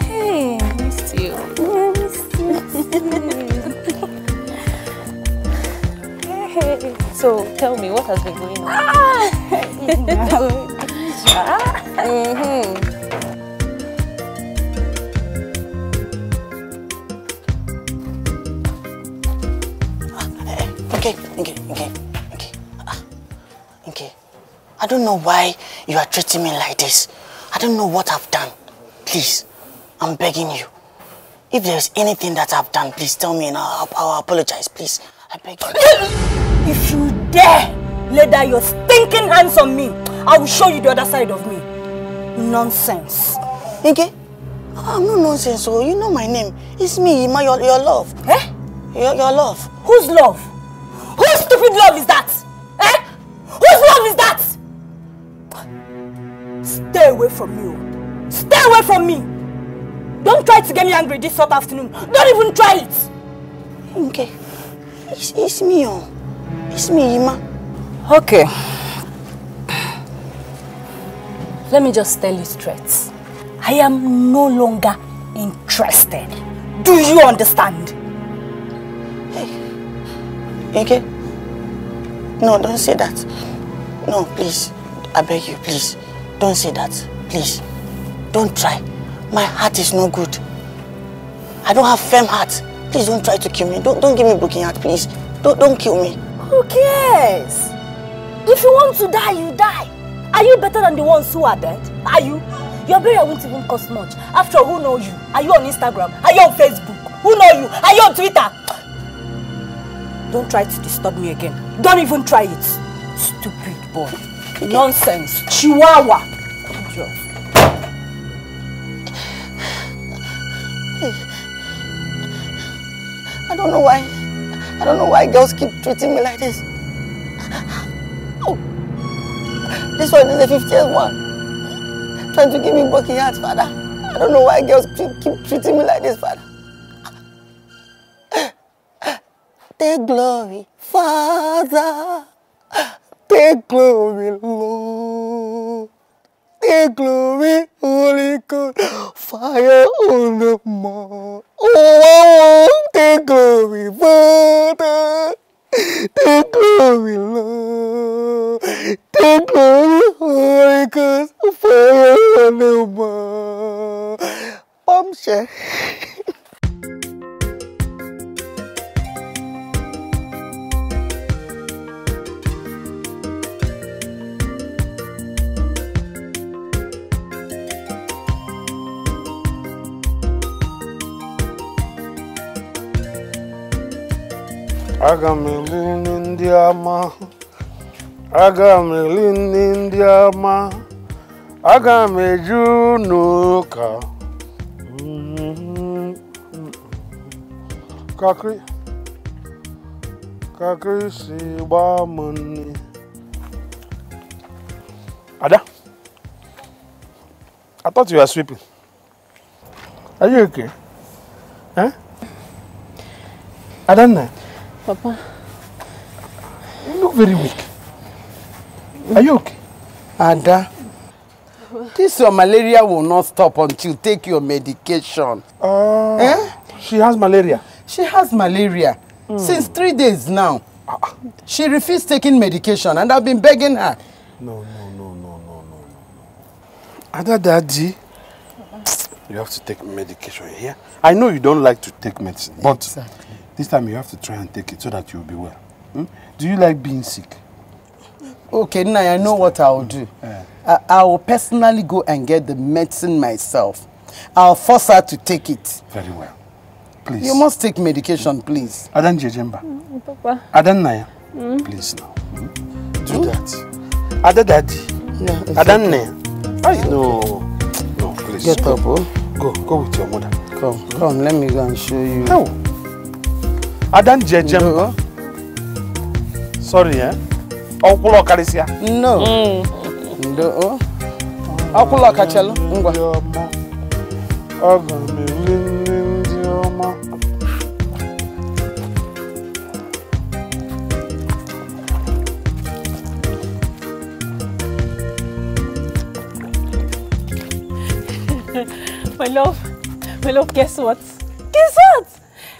Hey, I missed you. I missed you. hey. So tell me, what has been going on? Ah! hmm Okay, okay, okay. I don't know why you are treating me like this. I don't know what I've done. Please, I'm begging you. If there's anything that I've done, please tell me and I'll, I'll apologize, please. I beg you. If you dare lay down your stinking hands on me, I will show you the other side of me. Nonsense. Okay? Ah, I'm no nonsense, oh. You know my name. It's me, my, your, your love. Eh? Your, your love. Whose love? Whose stupid love is that? Eh? Whose love is that? Stay away from me. Stay away from me. Don't try to get me angry this hot afternoon. Don't even try it. Okay. It's, it's me. Oh. It's me, Ima. Okay. Let me just tell you straight. I am no longer interested. Do you understand? Hey. Okay. No, don't say that. No, please. I beg you, please. Don't say that. Please. Don't try. My heart is no good. I don't have firm heart. Please don't try to kill me. Don't, don't give me broken heart, please. Don't, don't kill me. Who cares? If you want to die, you die. Are you better than the ones who are dead? Are you? Your burial won't even cost much. After all, who knows you? Are you on Instagram? Are you on Facebook? Who know you? Are you on Twitter? Don't try to disturb me again. Don't even try it. Stupid boy. Nonsense. Chihuahua. I don't know why. I don't know why girls keep treating me like this. Oh. This one is the 50th one. Trying to give me broken heart, father. I don't know why girls keep treating me like this, father. Their glory, father. Take glory, Lord. Take glory, Holy God. Fire on the mount. Oh, oh, oh, take glory, Father. Take glory, Lord. Take glory, Holy ghost, Fire on the mount. Bombshell. aga m eli nri ndị ama aga m eli nri ndị ama aga m eju n'ụka kakịrị si gbaa m nri ada I thought you were sweeping. Are you okay? Huh? Adanna. Papa. You look very weak. Are you okay? Ada. This your malaria will not stop until you take your medication. Oh. Uh, eh? She has malaria. She has malaria mm. since three days now. She refused taking medication and I've been begging her. No, no, no, no, no, no, no. Ada Daddy, you have to take medication here. I know you don't like to take medicine, but exactly. This time you have to try and take it so that you'll be well. Hmm? Do you like being sick? Okay, now I know what I'll do. Yeah. I, I will personally go and get the medicine myself. I'll force her to take it. Very well. Please. You must take medication, please. Adan Jejemba. Mm, mm, Papa. Adan Naya. Mm. Please now. Mm. Do mm. that. Ada Daddy. No, Adan okay. Naya. I know. No, please. Get go. up, oh. Go. Go with your mother. Come. Mm. Come, let me go and show you. No. Adan Jejem. No. Sorry, eh? Ọkwụlọ karịsịa. No. Mm. Ndo. Ọkwụlọ kachalụ. Ngwa. Aga m enwe nne ndị My love, my love, guess what? Guess what?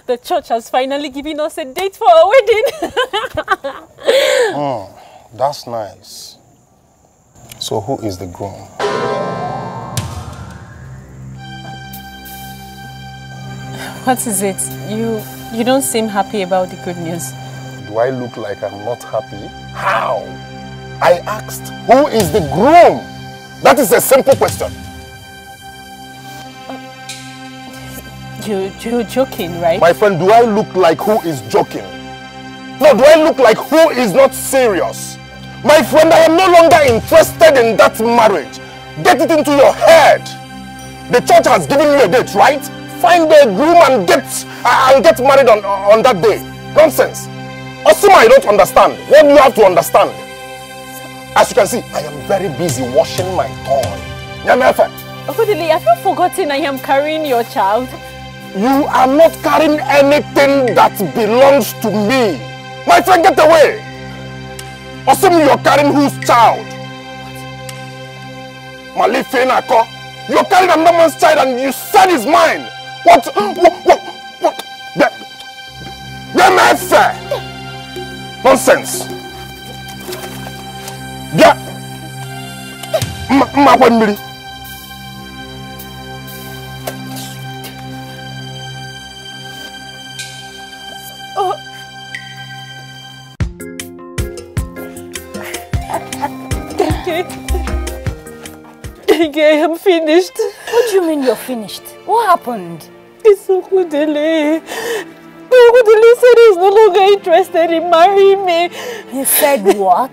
the church has finally given us a date for our wedding. mm, that's nice. So who is the groom? What is it? You you don't seem happy about the good news. Do I look like I'm not happy? How? I asked, who is the groom? That is a simple question. You, you're joking, right? My friend, do I look like who is joking? No, do I look like who is not serious? My friend, I am no longer interested in that marriage. Get it into your head. The church has given you a date, right? Find a groom and get, uh, and get married on, on that day. Nonsense. Osuma, I don't understand. What do you have to understand? As you can see, I am very busy washing my toy. Nyamefe. Okudili, have you forgotten I am carrying your child? You are not carrying anything that belongs to me. My friend, get away. Assume you're carrying whose child? Malifenako. You're carrying another man's child and you said it's mine. What? What? What? what? The, the MF. Nonsense. Yeah. Ma, ma, I'm finished. What do you mean you're finished? What happened? It's Okudele. Okudele said he's no longer interested in marrying me. He said what?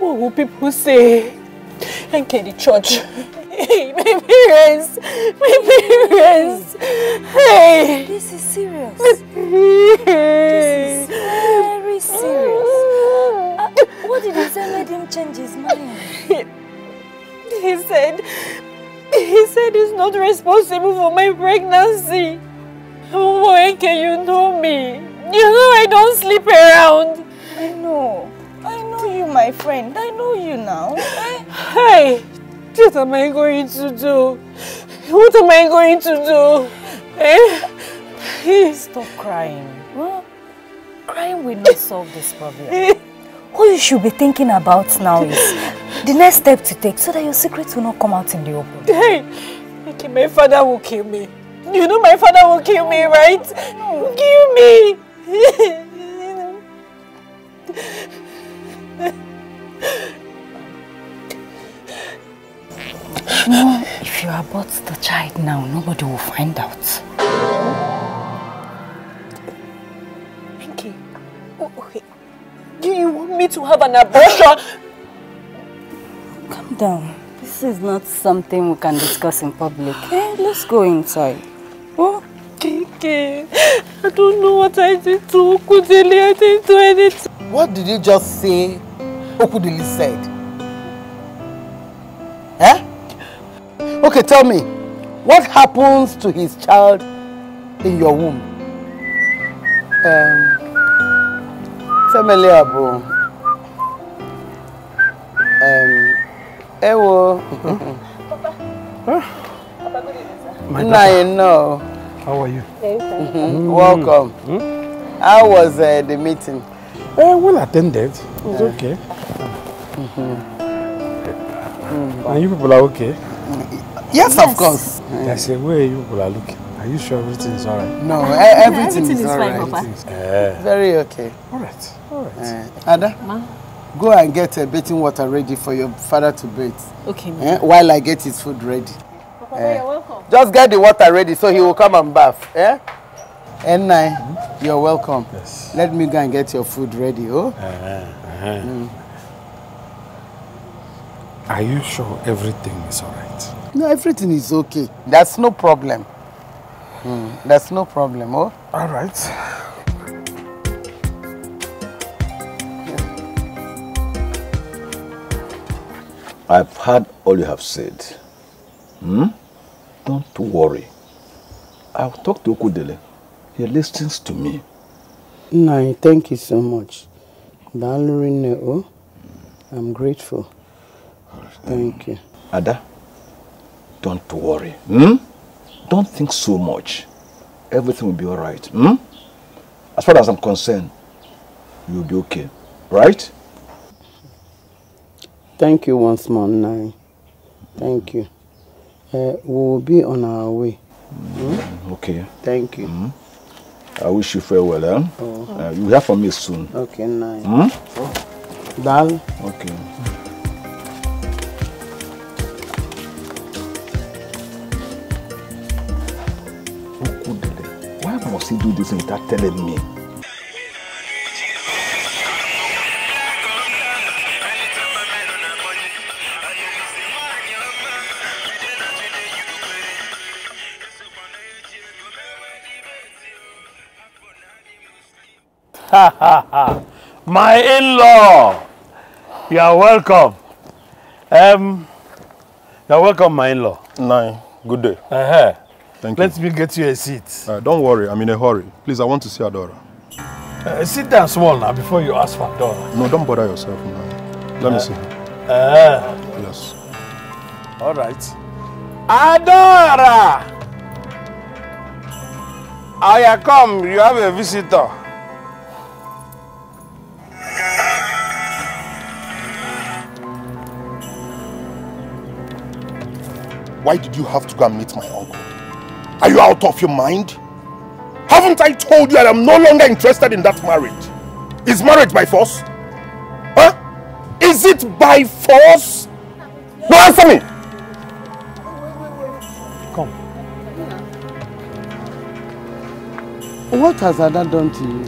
what will people say? And Katie Church. Hey, my parents! My parents! Hey! This is serious. this is very serious. What did he say made him change his mind? he said, he said he's not responsible for my pregnancy. Oh, can you know me. You know I don't sleep around. I know. I know you, my friend. I know you now. Hey, what am I going to do? What am I going to do? Eh? Stop crying. Huh? Crying will not solve this problem. What you should be thinking about now is the next step to take so that your secrets will not come out in the open. Hey, okay, my father will kill me. You know my father will kill me, right? Kill me! you know, if you abort the child now, nobody will find out. Do you want me to have an abortion? Calm down. This is not something we can discuss in public. Okay, eh, Let's go inside. Oh, Kiki, I don't know what I did to Okudele. I didn't do anything. What did you just say Okudele said? Eh? Okay, tell me. What happens to his child in your womb? Um... family abụ oh. Um, ewo nna anyị no. How are you? Hey, mm-hmm. Mm. Welcome. Mm-hmm. How was uh, the meeting? Uh, well attended. It was uh, okay. Mm-hmm. Uh hmm And you people are okay? Yes, mm. yes. of course. That's the way you people are looking. Are you sure everything is all right? No, eh, everything, no, everything is, is all right. Fine, everything is, uh, Very okay. All right. right. Eh, Ada, Ma? go and get a bathing water ready for your father to bathe. Okay. Eh? While I get his food ready. Papa, eh? you're welcome. Just get the water ready so he will come and bath. Eh? N9, mm-hmm. you're welcome. Yes. Let me go and get your food ready, oh? Uh-huh, uh-huh. Mm. Are you sure everything is all right? No, everything is okay. That's no problem. Mm, that's no problem, oh? All right. I've heard all you have said. Hmm? Don't worry. I'll talk to Okudele. He listens to me. Nai, thank you so much. Oh. I'm grateful. Thank you. Ada, don't worry. Hmm? Don't think so much. Everything will be alright. Hmm? As far as I'm concerned, you'll be okay. Right? Thank you once more, Nai. Thank you. Uh, we will be on our way. Hmm? Mm? Okay. Thank you. Mm. I wish you farewell. Eh? Oh. Uh, you hear from me soon. Okay, Nai. Mm? Oh. Dal. Okay. Why must he do this without telling me? My in-law. You are welcome. Um, you are welcome, my in-law. Nine. Good day. Uh-huh. Thank Let you. Let me get you a seat. Uh, don't worry, I'm in a hurry. Please, I want to see Adora. Uh, sit down small now before you ask for Adora. No, don't bother yourself now. Let uh, me see. Uh, yes. All right. Adora! I come, you have a visitor. Why did you have to go and meet my uncle? Are you out of your mind? Haven't I told you that I'm no longer interested in that marriage? Is marriage by force? Huh? Is it by force? No, answer me! Come. What has Ada done to you?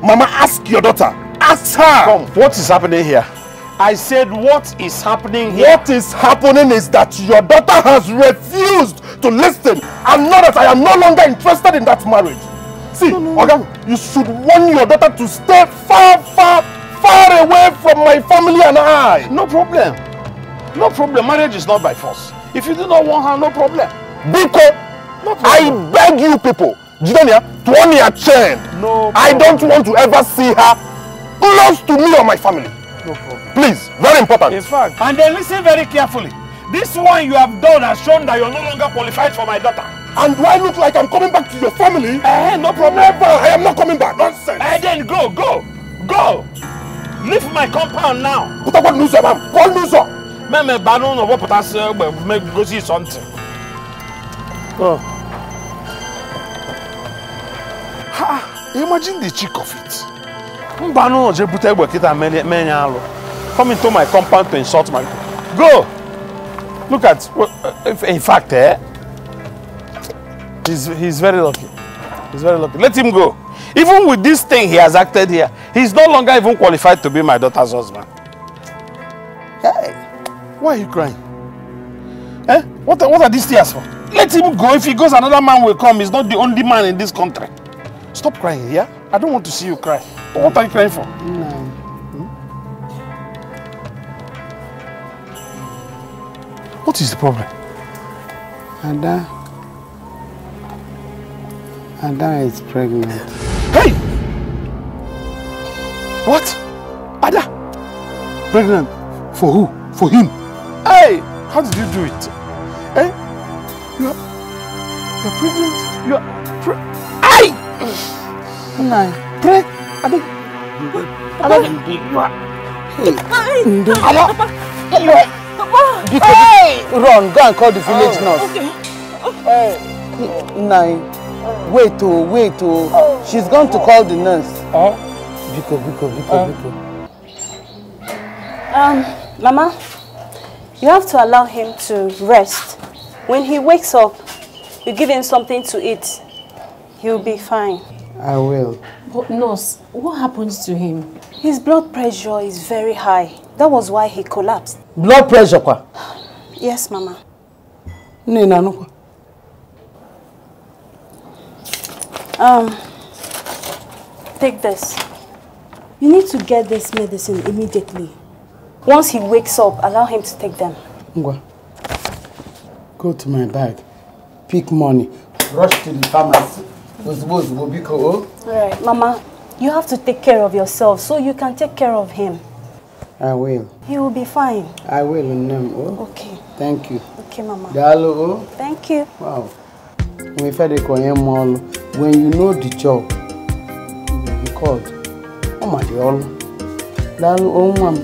Mama, ask your daughter. Ask her! Come, what is happening here? I said what is happening here? What is happening is that your daughter has refused to listen and know that I am no longer interested in that marriage. See, no, no. Oga, you should warn your daughter to stay far, far, far away from my family and I. No problem. No problem. Marriage is not by force. If you do not want her, no problem. Biko, no problem. I beg you people, Jidonia, to warn your chain. No problem. I don't want to ever see her close to me or my family. No problem. Please, very important. In fact. And then listen very carefully. This one you have done has shown that you're no longer qualified for my daughter. And do I look like I'm coming back to your family? Eh, uh, no problem. Never. I am not coming back. Nonsense. Eh, then go, go, go. Leave my compound now. Put up what news, ma'am. What news? Meme, banu no wo potas make go see something. Go. Ha! Imagine the cheek of it mgbanụ oje bute egbe kịta mee alụ come into my compound to insult my go look at eh, eh, in fact eh? he's, he's very lucky he's very lucky let him go even with this thing he has acted here he's no longer even qualified to be my daughter's husband hey why are you crying eh? what, what are these tears for let him go if he goes another man will come he's not the only man in this country stop crying yeah I don't want to see you cry. What are you crying for? No. Hmm? What is the problem? Ada. Ada is pregnant. Hey! What? Ada? Pregnant? For who? For him? Hey! How did you do it? Hey! Eh? You are, you are pregnant? You are... Pre Hey. Hey! Run, go and call the oh, village oh, nurse. Okay. Hey. Nine. Wait, oh, wait, oh. She's going to call the nurse. Oh. Biko, Biko, Biko, Biko. Um, Mama, you have to allow him to rest. When he wakes up, you give him something to eat. He'll be fine. I will. But nurse, what happens to him? His blood pressure is very high. That was why he collapsed. Blood pressure kwa? Yes, mama. Nina nukwa? Um, take this. You need to get this medicine immediately. Once he wakes up, allow him to take them. Ngwa, go to my bag, pick money, rush to the pharmacy. ozugbo alright mama you have to take care of yourself so you can take care of him. I will. He will be fine. I will in name o. okay. thank you. okay mama. daalụ o. thank you. wow. mgbe ifedịka onye ma ọlụ when you know the job you be called ọ ma dị ọlụ daalụ o oh,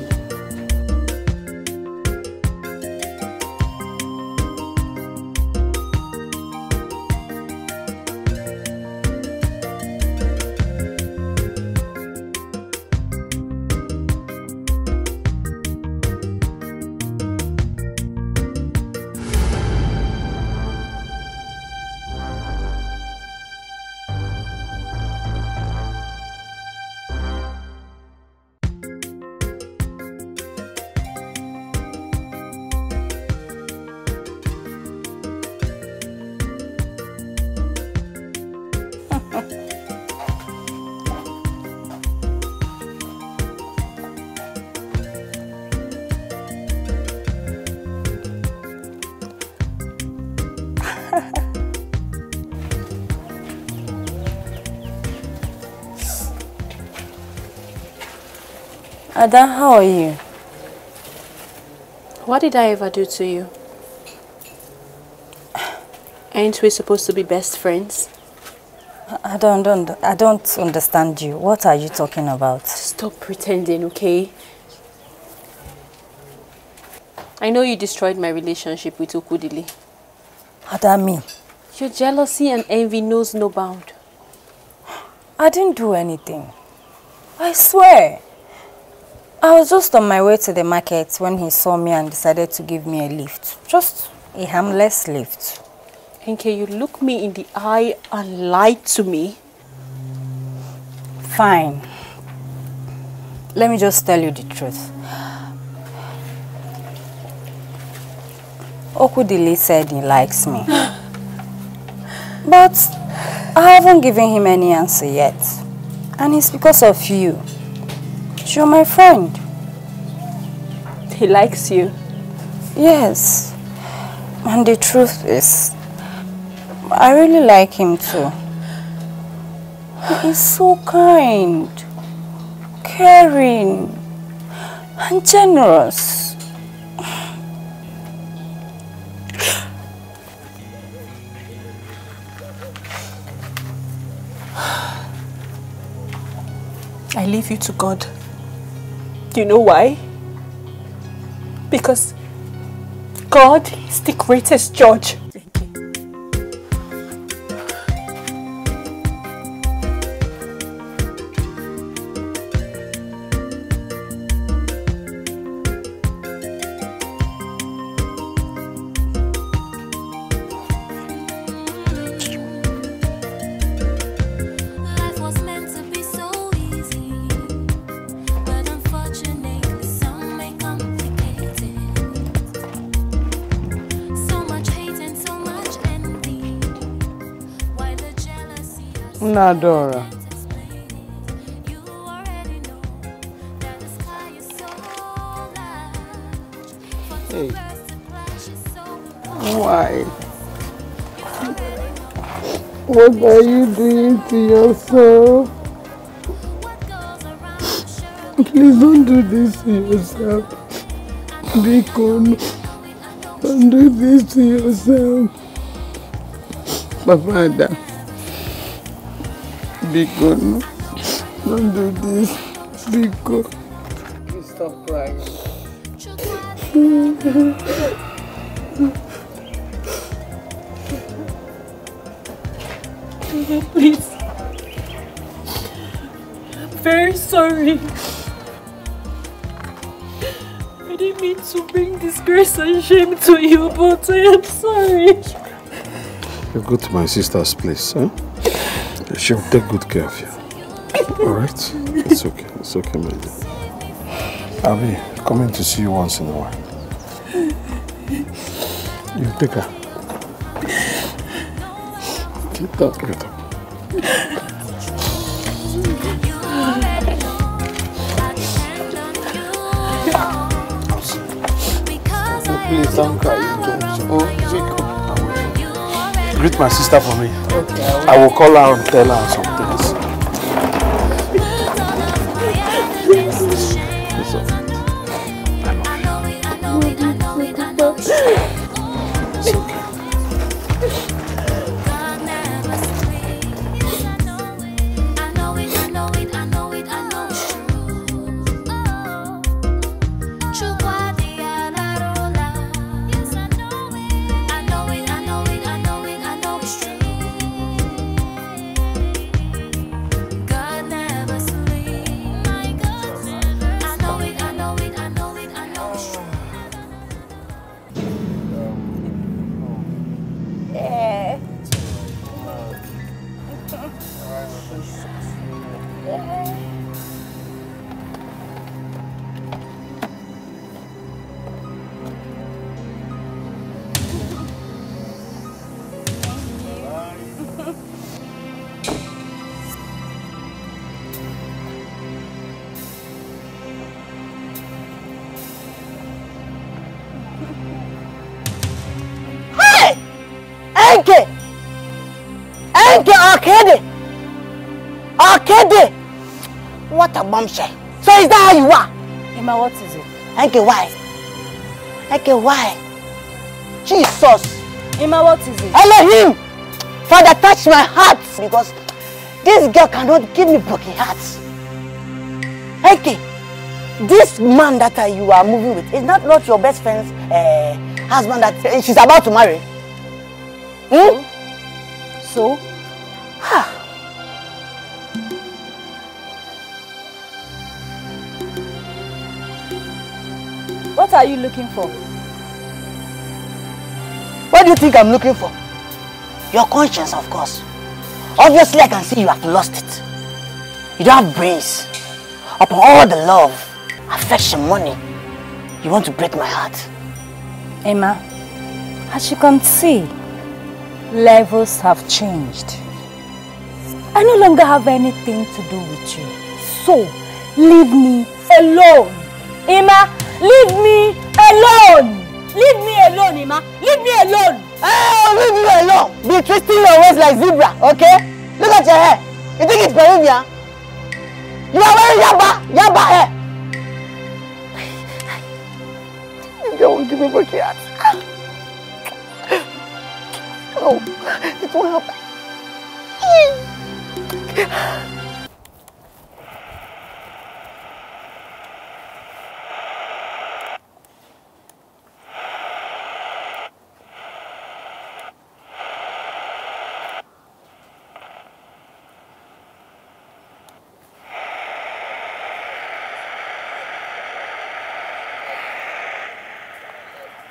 Ada, uh, how are you? What did I ever do to you? Ain't we supposed to be best friends? I don't, don't, I don't understand you. What are you talking about? Stop pretending, okay? I know you destroyed my relationship with Okudili. mean? Your jealousy and envy knows no bound. I didn't do anything. I swear. I was just on my way to the market when he saw me and decided to give me a lift. Just a harmless lift. Enke, you look me in the eye and lie to me. Fine. Let me just tell you the truth. Okudili said he likes me. but I haven't given him any answer yet. And it's because of you you're my friend. He likes you. Yes. And the truth is, I really like him too. He is so kind, caring, and generous. I leave you to God. Do you know why? Because God is the greatest judge. Adora. Hey. Why? What are you doing to yourself? Please don't do this to yourself. Be cool. Don't do this to yourself. My father. Big God, no. Don't do this. Biko. Please stop crying. Please. very sorry. I didn't mean to bring disgrace and shame to you, but I am sorry. You go to my sister's place, huh? Eh? She'll take good care of you. Alright? It's okay. It's okay, my dear. I'll be coming to see you once in a while. You take her. Get up. Get up. Please don't cry, don't. Oh, Jacob. Greet my sister for me. Okay. I will call her and tell her something. a bombshell. So is that how you are? Emma, what is it? Okay, why? Okay, why? Jesus. Emma, what is it? Elohim! Father, touch my heart because this girl cannot give me broken heart. Okay, this man that uh, you are moving with is not not your best friend's uh, husband that uh, she's about to marry? Hmm? So? are you looking for? What do you think I'm looking for? Your conscience, of course. Obviously, I can see you have lost it. You don't have brains. Upon all the love, affection, money, you want to break my heart. Emma, as you can see, levels have changed. I no longer have anything to do with you. So, leave me alone. Emma, leave me alone leave me alone Emma leave me alone. Eh, oh, leave me alone be twisting your waist like zebra okay look at your hair you think it's Peruvian you are wearing yaba yaba hair. you don't give me broken heart. No, it won't happen.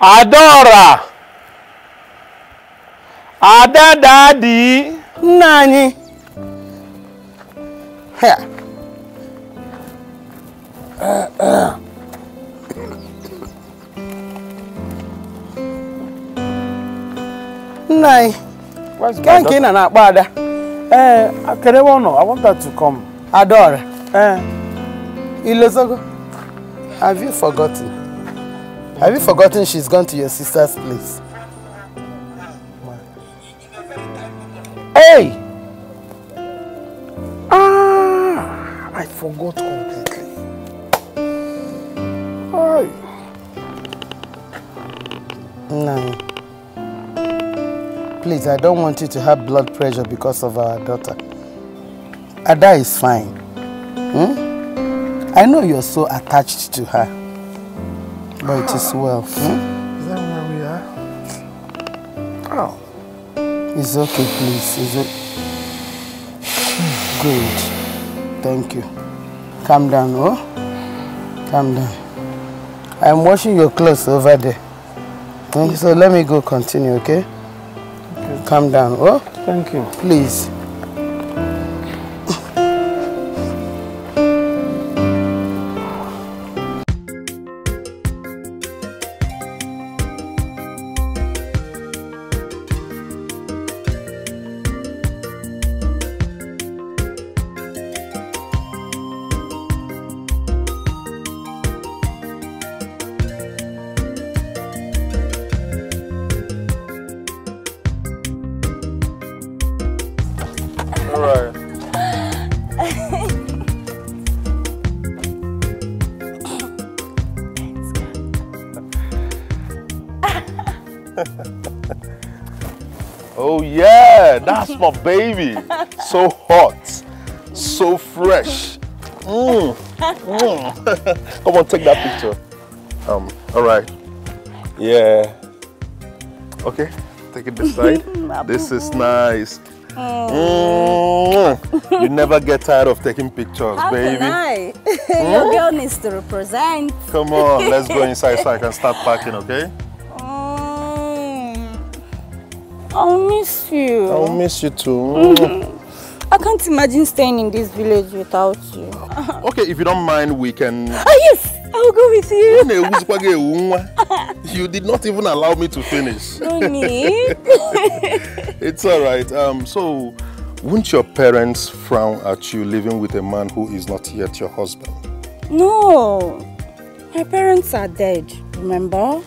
Ada adadadi nna anyị nna anyị ka nke ị na na-akpọ ada ee eh, kerewe ọnụ I want her to come Adaora ee eh. ilezogo have you forgotten Have you forgotten she's gone to your sister's place? Hey! Ah! I forgot completely. Hi. No. Please, I don't want you to have blood pressure because of our daughter. Ada is fine. Hmm? I know you're so attached to her. It as well. Hmm? Is that where we are? Oh. It's okay, please. Is it? Good. Thank you. Calm down, oh? Calm down. I'm washing your clothes over there. So let me go continue, okay? okay? Calm down, oh? Thank you. Please. My baby, so hot, so fresh. Mm. Mm. Come on, take that picture. Um, all right. Yeah. Okay, take it this side. this is nice. Oh. Mm. You never get tired of taking pictures, How baby. Can I? Mm. Your girl needs to represent. Come on, let's go inside so I can start packing, okay? I'll miss you. I'll miss you too. Mm-hmm. I can't imagine staying in this village without you. okay, if you don't mind, we can... Oh, yes! I'll go with you. you did not even allow me to finish. No need. it's all right. Um, so, would not your parents frown at you living with a man who is not yet your husband? No. My parents are dead, remember?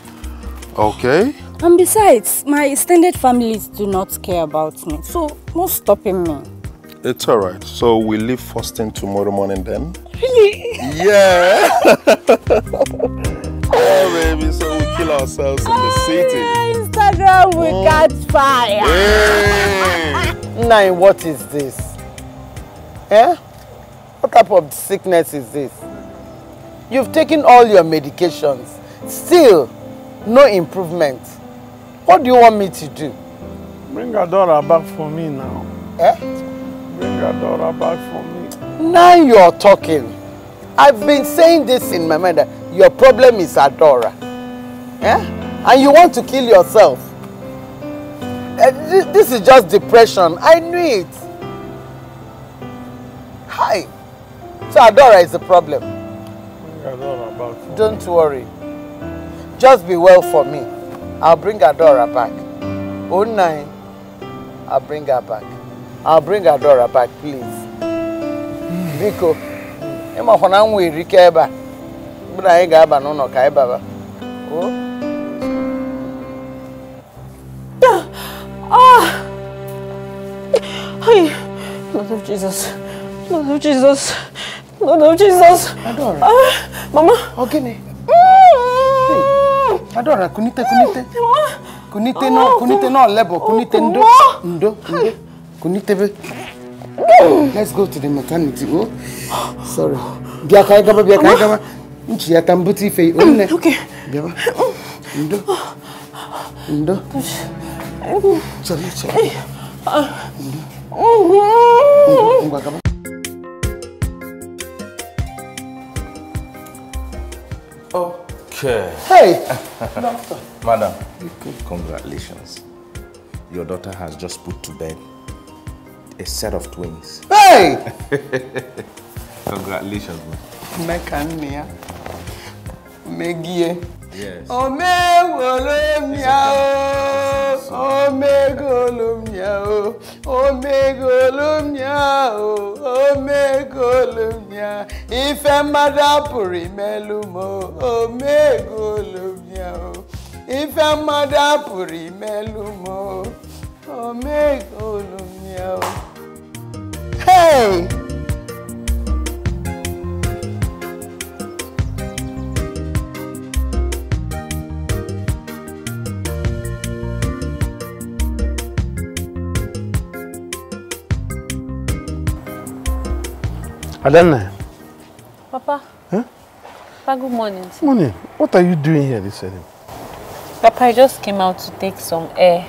Okay. And besides, my extended families do not care about me, so what's stopping me? It's alright. So we leave first thing tomorrow morning then? Really? Yeah! oh baby, so we kill ourselves in the ah, city. Yeah, Instagram we oh. catch fire. Nine, what is this? Eh? What type of sickness is this? You've taken all your medications. Still, no improvement. What do you want me to do? Bring Adora back for me now. Eh? Bring Adora back for me. Now you're talking. I've been saying this in my mind that your problem is Adora. Yeah. And you want to kill yourself. Uh, eh, th this is just depression. I knew it. Hi. So Adora is the problem. Bring Adora back for Don't me. worry. Just be well for me. I'll bring Adora back. Oh nine, I'll bring her back. I'll bring Adora back, please. Biko, ị makwa na m nwere ike ebe a. Mgbe anyị ga-aba n'ụlọ ka anyị baba. Oh. Ah! ah! Hey, Lord of Jesus, Lord of Jesus, Lord of Jesus. Adora. Ah, Mama. Ogene. Oh, okay. Adora, kunite, kunite. Kunite no, kunite no lebo, kunite ndo, ndo, ndo. Kunite be. Let's go to the mechanic. Oh, sorry. Bia kai gaba, bia kai gaba. Nchi ya tambuti fe. Mm, okay. Bia ba. Mm. Ndo. Ndo. Sorry, sorry. Ndo. Mm-hmm. Ngwa gaba. Oh. Hey, doctor. Madam, congratulations. Your daughter has just put to bed a set of twins. Hey! congratulations, ma'am. Mekania. Megie. omewu olomia o omega olomia o omega olomia o omega olomia ife mmadụ apụrụ imelụ m ife mmadụ apụrụ imelụ m hey! Adanna. Papa. Huh? Papa, good morning. Morning. What are you doing here this evening? Papa, I just came out to take some air.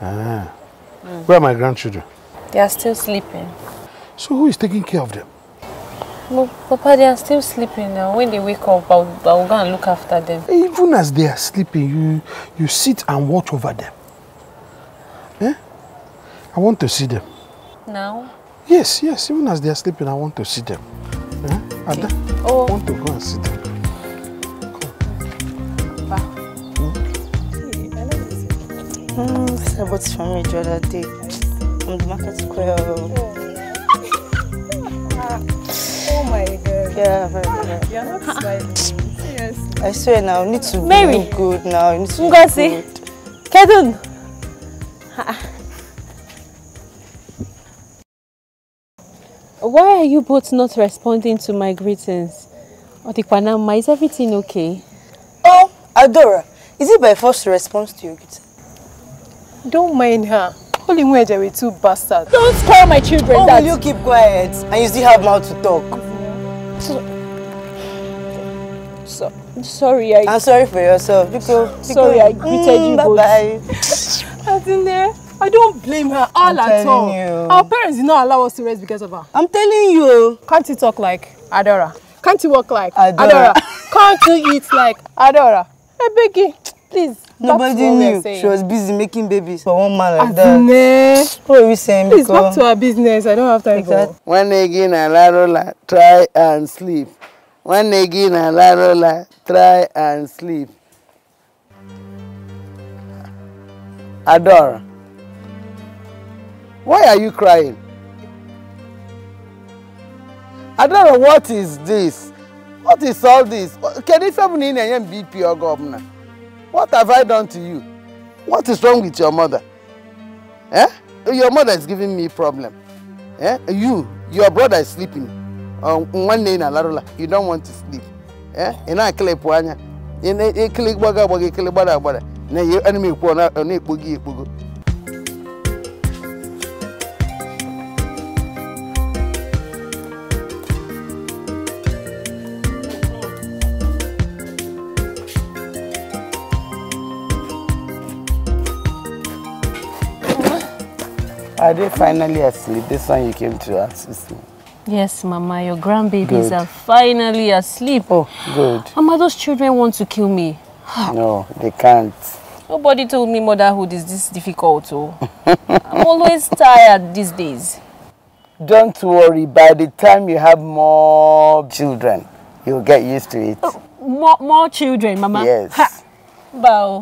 Ah. Mm. Where are my grandchildren? They are still sleeping. So who is taking care of them? Well, Papa, they are still sleeping now. When they wake up, I'll, I'll go and look after them. Even as they are sleeping, you, you sit and watch over them. Eh? I want to see them. Now? Yes, yes. Even as they are sleeping, I want to see them. Huh? Hmm? Okay. Ada, oh. I want to go and see them. come. Hmm? I bought it for me the other day. From the market square. Oh my god. Yeah, very good. Ah, You're not ah. smiling. Seriously. I swear now, you need to Mary. be good now. You need to Ngozi. be good. Kedun. Why are you both not responding to my greetings? Otikwanama, is everything okay? Oh, Adora, is it by force response to your greeting? Don't mind her. Holy when there were two bastards. Don't spoil my children. Oh, that... will you keep quiet? And you still have mouth to talk. So, so sorry, I... I'm sorry for yourself. Because, because sorry, I greeted mm, you bye both. Bye-bye. I don't blame her all I'm at all. You. Our parents did not allow us to rest because of her. I'm telling you. Can't you talk like Adora? Can't you walk like Adora? Adora. Can't you eat like Adora? Hey, Becky, please. Nobody knew she was busy making babies for one man like that. What are we saying? Please back to our business. I don't have time exactly. that. When again, Alarola, try and sleep. When again, Alarola, try and sleep. Adora. Why are you crying? I don't know what is this. What is all this? Can if I'm in a BP or governor? What have I done to you? What is wrong with your mother? Eh? Your mother is giving me problem. Eh? You, your brother is sleeping. Um, one day in Alarula, you don't want to sleep. Eh? And I clip one. And I click, bugger, bugger, click, bugger, bugger. Now your enemy will not, not boogie, boogie. Are they finally asleep? This one you came to assist me. Yes, Mama, your grandbabies good. are finally asleep. Oh, good. Mama, those children want to kill me. no, they can't. Nobody told me motherhood is this difficult. Oh. I'm always tired these days. Don't worry, by the time you have more children, you'll get used to it. Oh, more, more children, Mama? Yes. Ha. But,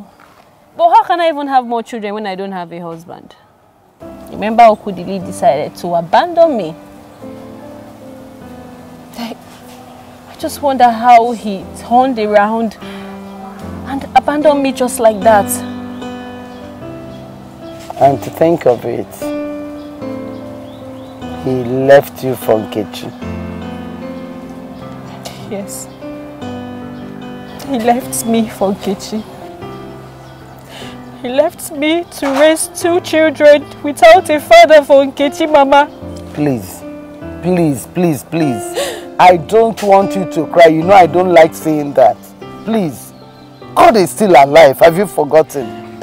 but how can I even have more children when I don't have a husband? Remember, Okudili decided to abandon me. I, just wonder how he turned around and abandoned me just like that. And to think of it, he left you for Nkechi. Yes. He left me for Nkechi. He left me to raise two children without a father for Nkechi Mama. Please, please, please, please. I don't want you to cry. You know I don't like saying that. Please. God is still alive. Have you forgotten?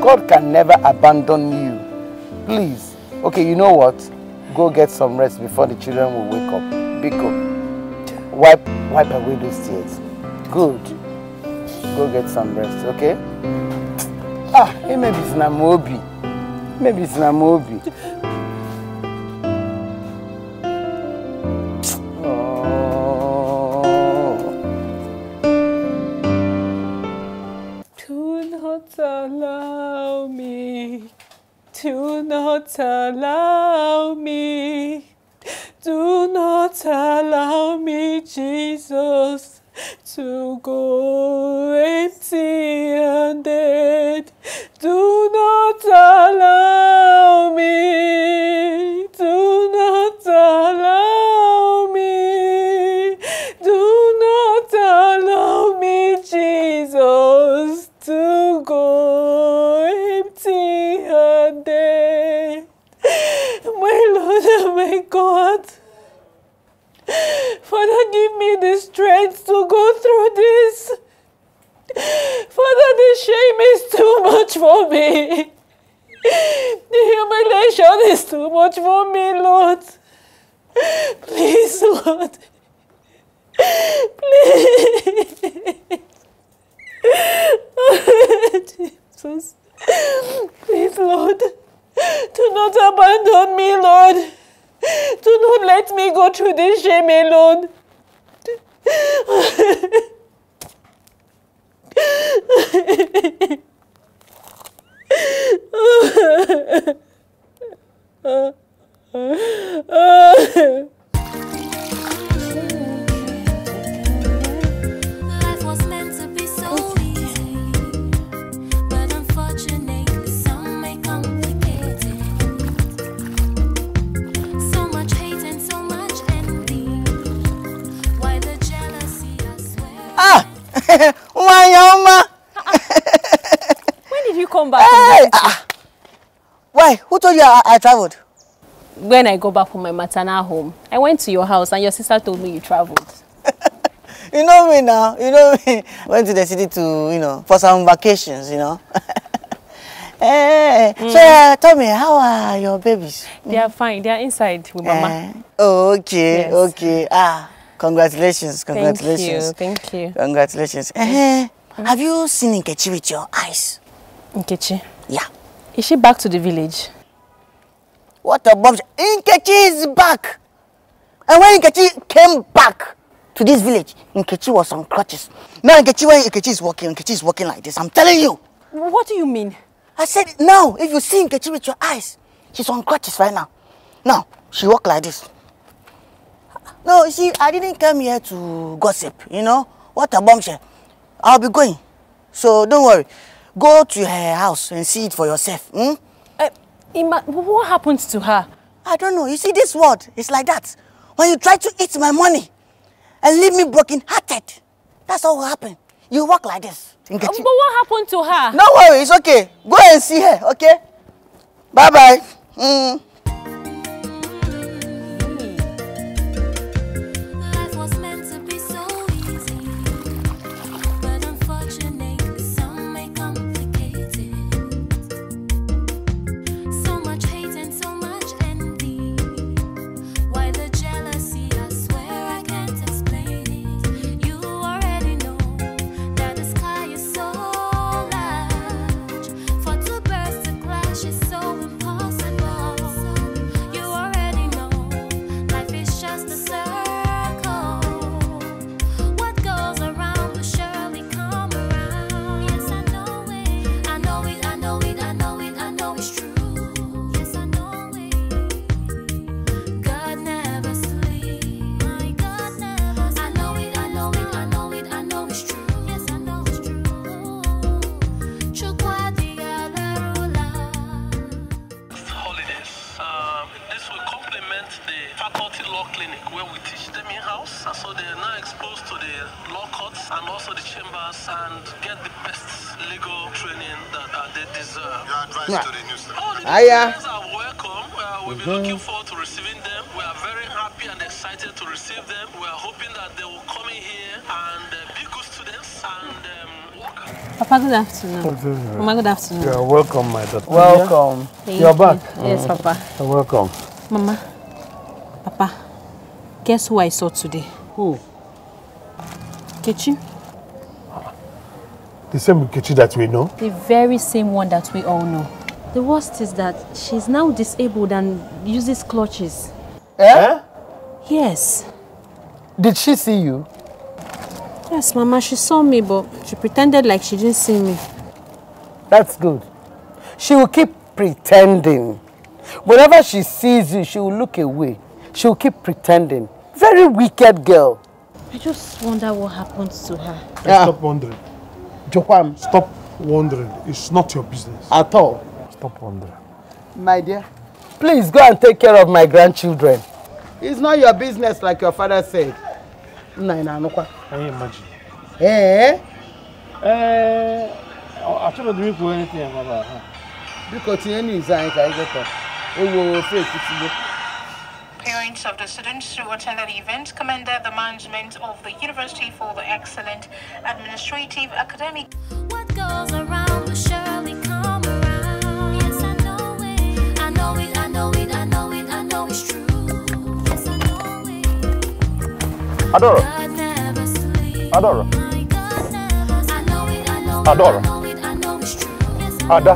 God can never abandon you. Please. Okay, you know what? Go get some rest before the children will wake up. Biko, wipe, wipe away those tears. Good. Go get some rest, okay? Ah, emebizina m obi emebizina m obi allow me. Do not allow me. Do not allow me, Jesus to go empty handed. Do not allow me, do not allow me, do not allow me, Jesus, to go empty handed. My Lord and my God. Father, give me the strength to go through this. Father, the shame is too much for me. The humiliation is too much for me, Lord. Please, Lord. Please. Jesus. Please, Lord. Do not abandon me, Lord. Do not let me go to this shame alone. Yoma. when did you come back? Hey, ah, ah. Why? Who told you I, I traveled? When I go back from my maternal home, I went to your house and your sister told me you traveled. you know me now. You know me. Went to the city to, you know, for some vacations, you know. Hey, eh, mm. Eh, eh. So hmm. uh, tell me, how are your babies? They are fine. They are inside with Mama. Uh, okay, yes. okay. Ah. Congratulations, congratulations. Thank you, thank you. Congratulations. Uh -huh. Mm. Have you seen Nkechi with your eyes? Nkechi? Yeah. Is she back to the village? What a bomb. Nkechi is back! And when Nkechi came back to this village, Nkechi was on crutches. Now Nkechi, when Nkechi is walking, Nkechi is walking like this. I'm telling you. What do you mean? I said, now, if you see Nkechi with your eyes, she's on crutches right now. Now, she walk like this. No, you see, I didn't come here to gossip, you know. What a bombshell. I'll be going. So don't worry. Go to her house and see it for yourself. Hmm? Uh, Ima, what happened to her? I don't know. You see, this world is like that. When you try to eat my money and leave me broken-hearted, that's all will happen. You walk like this. Eh, but what happened to her? Don't worry, it's okay. Go and see her, okay? Bye-bye. Mm. faculty law clinic where we teach them in-house. So they are now exposed to the law courts and also the chambers and get the best legal training that uh, they deserve. Your advice yeah. to the new students. Oh, the Hiya. new are welcome. Uh, we'll mm -hmm. be mm-hmm. looking forward to receiving them. We are very happy and excited to receive them. We are hoping that they will come in here and uh, be good students and um, Papa, good afternoon. Mama, good afternoon. You're welcome, my daughter. Welcome. Thank You're you. back. Yes, mm. Papa. You're welcome. Mama, Papa, guess who I saw today? Who? Kechi. The same Kechi that we know? The very same one that we all know. The worst is that she's now disabled and uses clutches. Eh? eh? Yes. Did she see you? Yes, Mama, she saw me, but she pretended like she didn't see me. That's good. She will keep pretending. Whenever she sees you, she will look away. She'll keep pretending. Very wicked girl. I just wonder what happened to her. Yeah. Stop wondering. Jokwam. Stop wondering. It's not your business. At all. Stop wondering. My dear, please go and take care of my grandchildren. It's not your business like your father said. Nina, no kwa. Can you imagine? Eh? Eh, I shouldn't do anything about her. Because you need to say, I get up. Oh, face, it's Parents of the students who attended the event commended the management of the university for the excellent administrative academic. Adoro. Adoro. Adoro. Ada.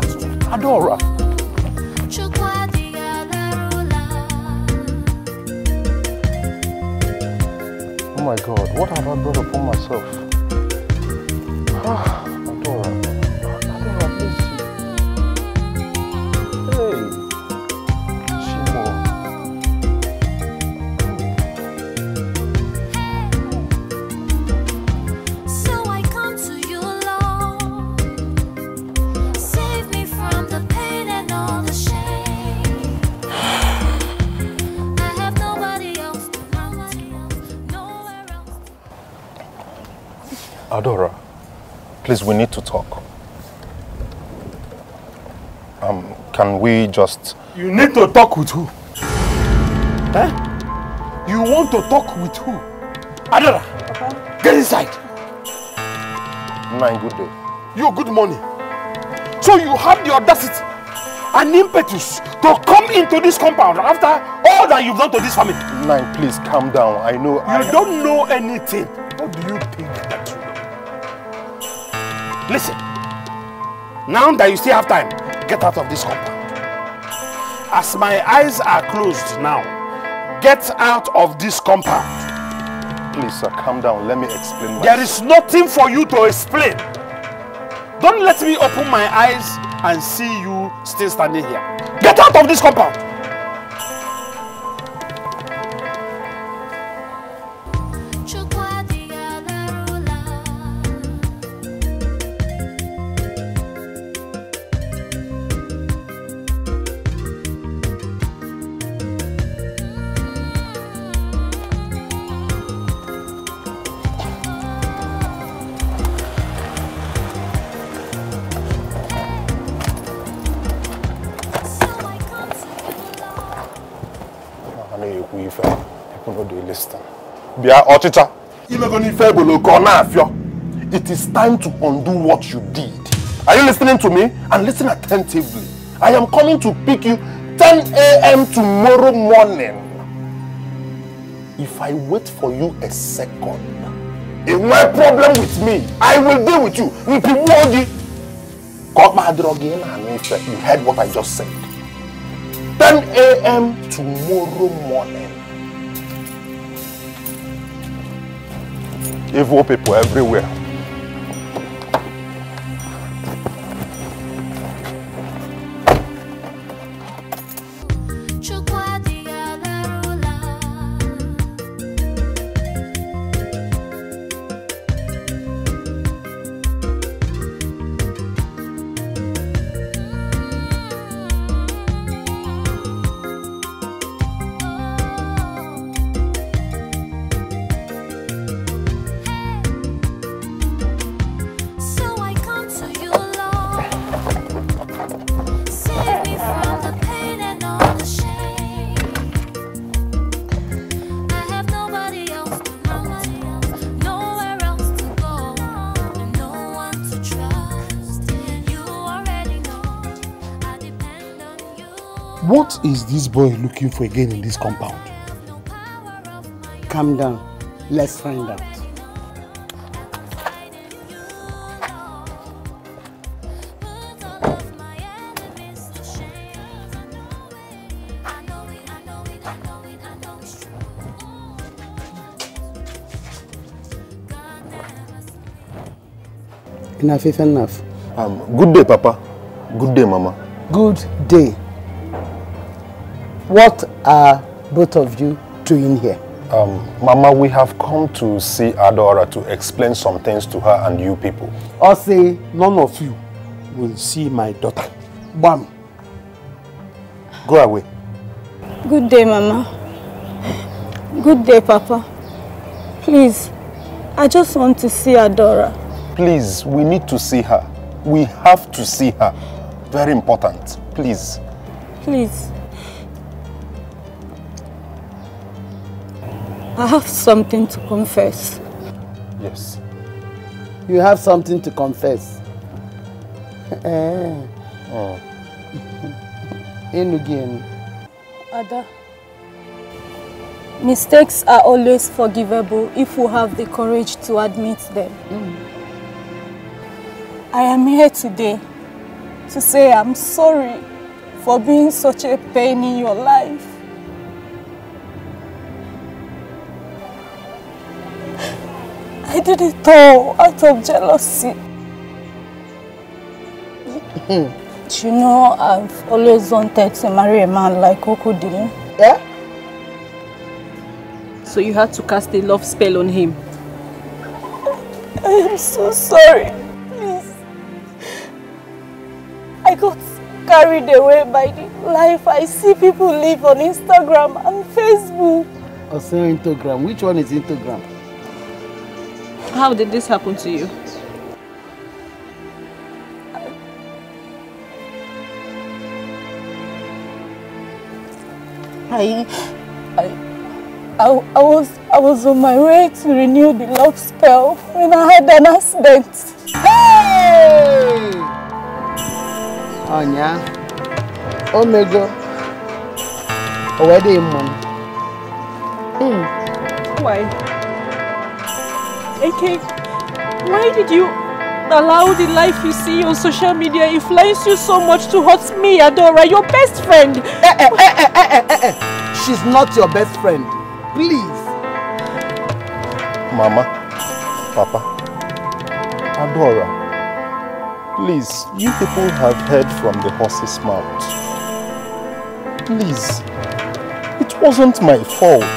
Adora. my God, what have I brought upon myself? Ah. Adora, please, we need to talk. Um, can we just... You need to talk with who? Huh? You want to talk with who? Adora, okay. Uh-huh. get inside. Nine, good day. You good morning. So you have the audacity and impetus to come into this compound after all that you've done to this family. Nine, please calm down. I know You I... don't know anything. What do you think? Listen. Now that you still have time, get out of this compound. As my eyes are closed now, get out of this compound. Please, sir, calm down. Let me explain. Myself. There is nothing for you to explain. Don't let me open my eyes and see you still standing here. Get out of this compound. bịa ọchịcha imegona ife ebolo it is time to undo what you did are you listening to me and listen attentively i am coming to pick you 10 a.m. tomorrow morning if i wait for you a second my problem with me i will deal with you You gị it. Got my drug in and you heard what i just said 10 a.m. tomorrow morning Evolve people everywhere. is this boy looking for again in this compound? Calm down. Let's find out. Enough is enough. Um, good day, Papa. Good day, Mama. Good day. What are both of you doing here? Um, Mama, we have come to see Adora to explain some things to her and you people. I say, none of you will see my daughter. Bam. Go away. Good day, Mama. Good day, Papa. Please, I just want to see Adora. Please, we need to see her. We have to see her. Very important. Please. Please. I have something to confess. Yes. You have something to confess. Eh. Oh. Enugien. Ada. Mistakes are always forgivable if we have the courage to admit them. Mm. I am here today to say I'm sorry for being such a pain in your life. I did it all out of jealousy. Hmm. you know, I've always wanted to marry a man like Okudin. Yeah? So you had to cast a love spell on him? I am so sorry. Please. I got carried away by the life I see people live on Instagram and Facebook. I say Instagram. Which one is Instagram? How did this happen to you? I, I, I, I was, I was on my way to renew the love spell when I had an accident. Hey! my God. wedding man. Hmm. Why? AK, why did you allow the life you see on social media influence you so much to hurt me, Adora, your best friend? Eh eh, eh, eh, eh, eh, eh, eh, She's not your best friend. Please. Mama, Papa, Adora, please, you people have heard from the horse's mouth. Please, it wasn't my fault.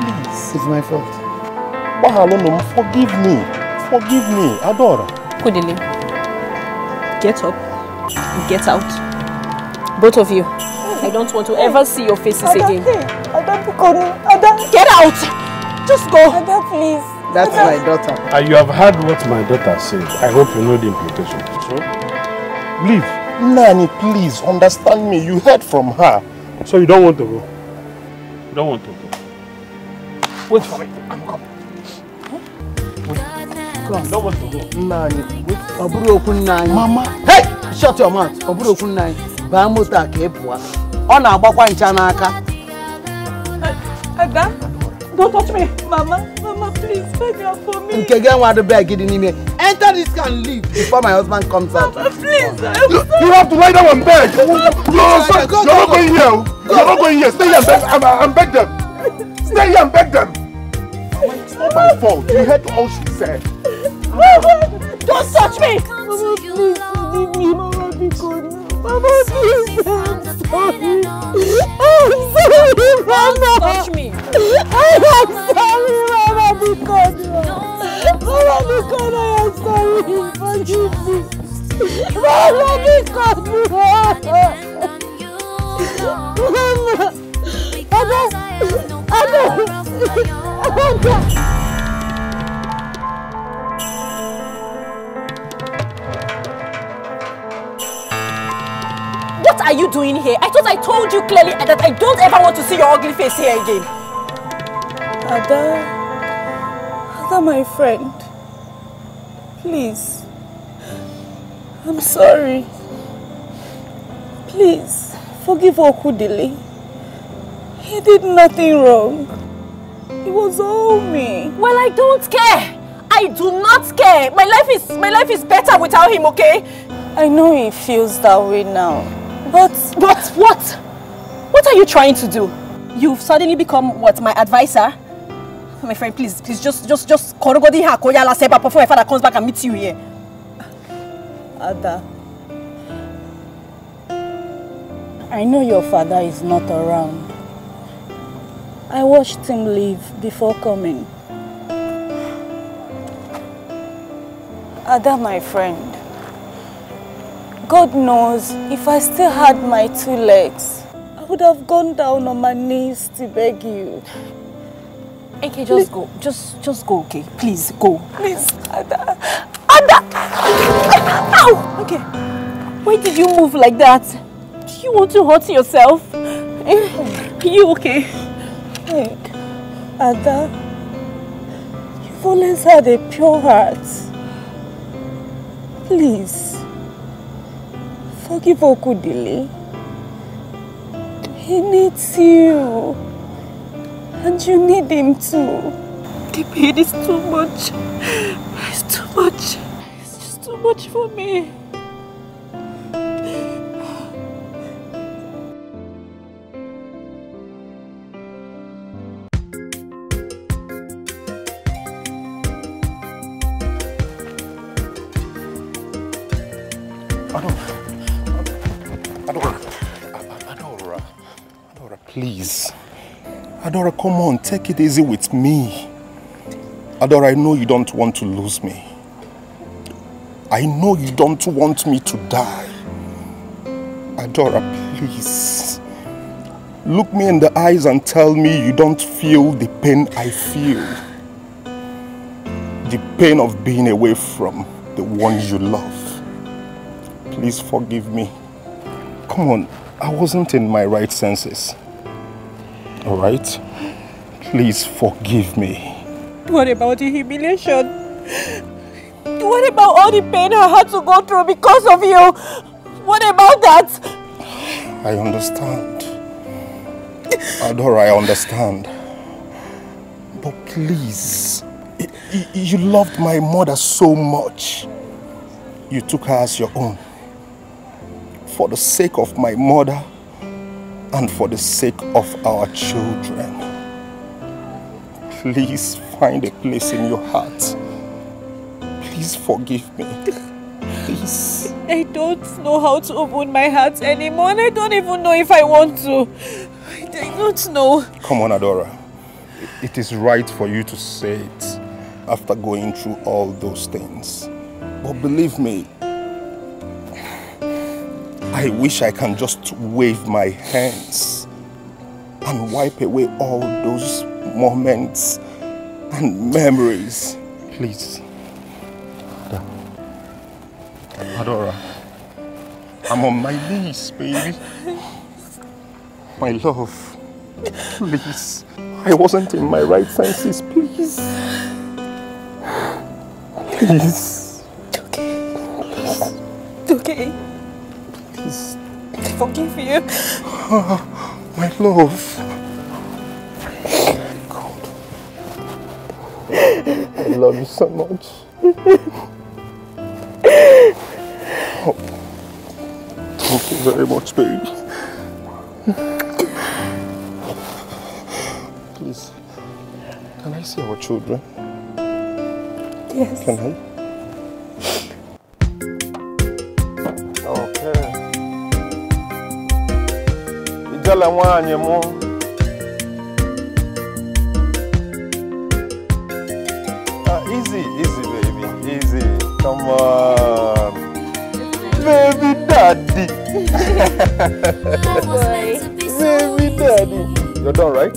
Please. It's my fault. Mahalonum, forgive me. Forgive me, Adora. Kudili, get up. Get out. Both of you. I don't want to ever see your faces Ada, again. Ada, Ada, Get out! Just go. Ada, please. That's Ada. my daughter. Uh, you have heard what my daughter said. I hope you know the implication. So, leave. Nani, please understand me. You heard from her. So you don't want to go? You don't want to go. Wait for me. I'm coming. nna anyị ọ bụrụ okwu nna anyị hey shut your mouth ọ bụrụ okwu nna anyị baa moto a ka ị e pụọ ọ na-agbakwa ncha n'aka Don't touch me, Mama. Mama, please, beg her for me. Okay, get one of the bag in here. Enter this car and leave before my husband comes Mama, out. please. I'm you, sorry. you have to lie down and beg. You're, sorry, you're not going here. You're not going here. Stay here and beg, and, and beg them. Stay here and beg them. my fault. You heard all she said. Mama, don't touch me! Mama, please leave me. Mama, be good. Mama, please. I'm sorry. I'm sorry, Mama. Don't touch me. I'm sorry, Mama, be good. Mama, be good. I am sorry. Forgive me. Mama, be good. Mama. I don't. I don't. What are you doing here? I thought I told you clearly that I don't ever want to see your ugly face here again. Ada, Ada, my friend, please, I'm sorry. Please, forgive Okudili. He did nothing wrong. It was all me. Well, I don't care. I do not care. My life is my life is better without him, okay? I know he feels that way now. But but what? What are you trying to do? You've suddenly become what my advisor? My friend, please, please just just just korogodi ha seba before my father comes back and meets you here. Ada. I know your father is not around. I watched him leave before coming. Ada, my friend, God knows if I still had my two legs, I would have gone down on my knees to beg you. Okay, just please. go. Just just go, okay? Please, go. Please, Ada. Ada! Ow! Okay. Why did you move like that? Do you want to hurt yourself? Are eh? you okay? head. Ada, you've always had a pure heart. Please, forgive Okudili. He needs you. And you need him too. The pain is too much. It's too much. It's just too much for me. Adora. Adora. Adora. Adora, please. Adora, come on. Take it easy with me. Adora, I know you don't want to lose me. I know you don't want me to die. Adora, please. Look me in the eyes and tell me you don't feel the pain I feel. The pain of being away from the one you love please forgive me. Come on, I wasn't in my right senses. All right? Please forgive me. What about the humiliation? What about all the pain I had to go through because of you? What about that? I understand. Adora, I understand. But please, you loved my mother so much. You took her as your own for the sake of my mother and for the sake of our children. Please find a place in your heart. Please forgive me. Please. I don't know how to open my heart anymore and I don't even know if I want to. I don't know. Come on, Adora. It is right for you to say it after going through all those things. But believe me, I wish I can just wave my hands and wipe away all those moments and memories. Please. Adora. I'm on my knees, baby. My love. Please. I wasn't in my right senses. Please. Please. It's okay. Please. It's okay forgive you. Oh, my love. God. I love you so much. Oh, thank you very much, babe. Please, can I see our children? Yes. Can I? gala nwaanyị mụ ah, easy easy baby easy come on baby daddy baby daddy you're done right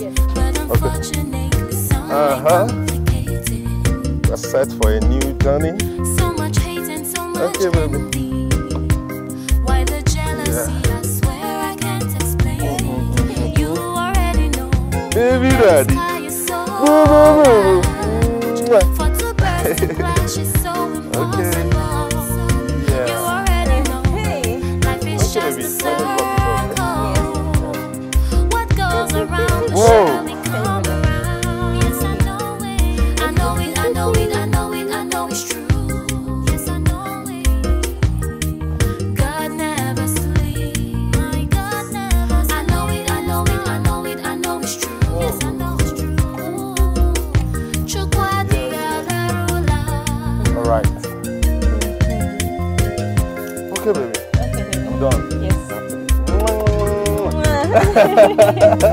okay uh-huh we're set for a new journey okay baby Everybody. Move, move, move. 哈哈。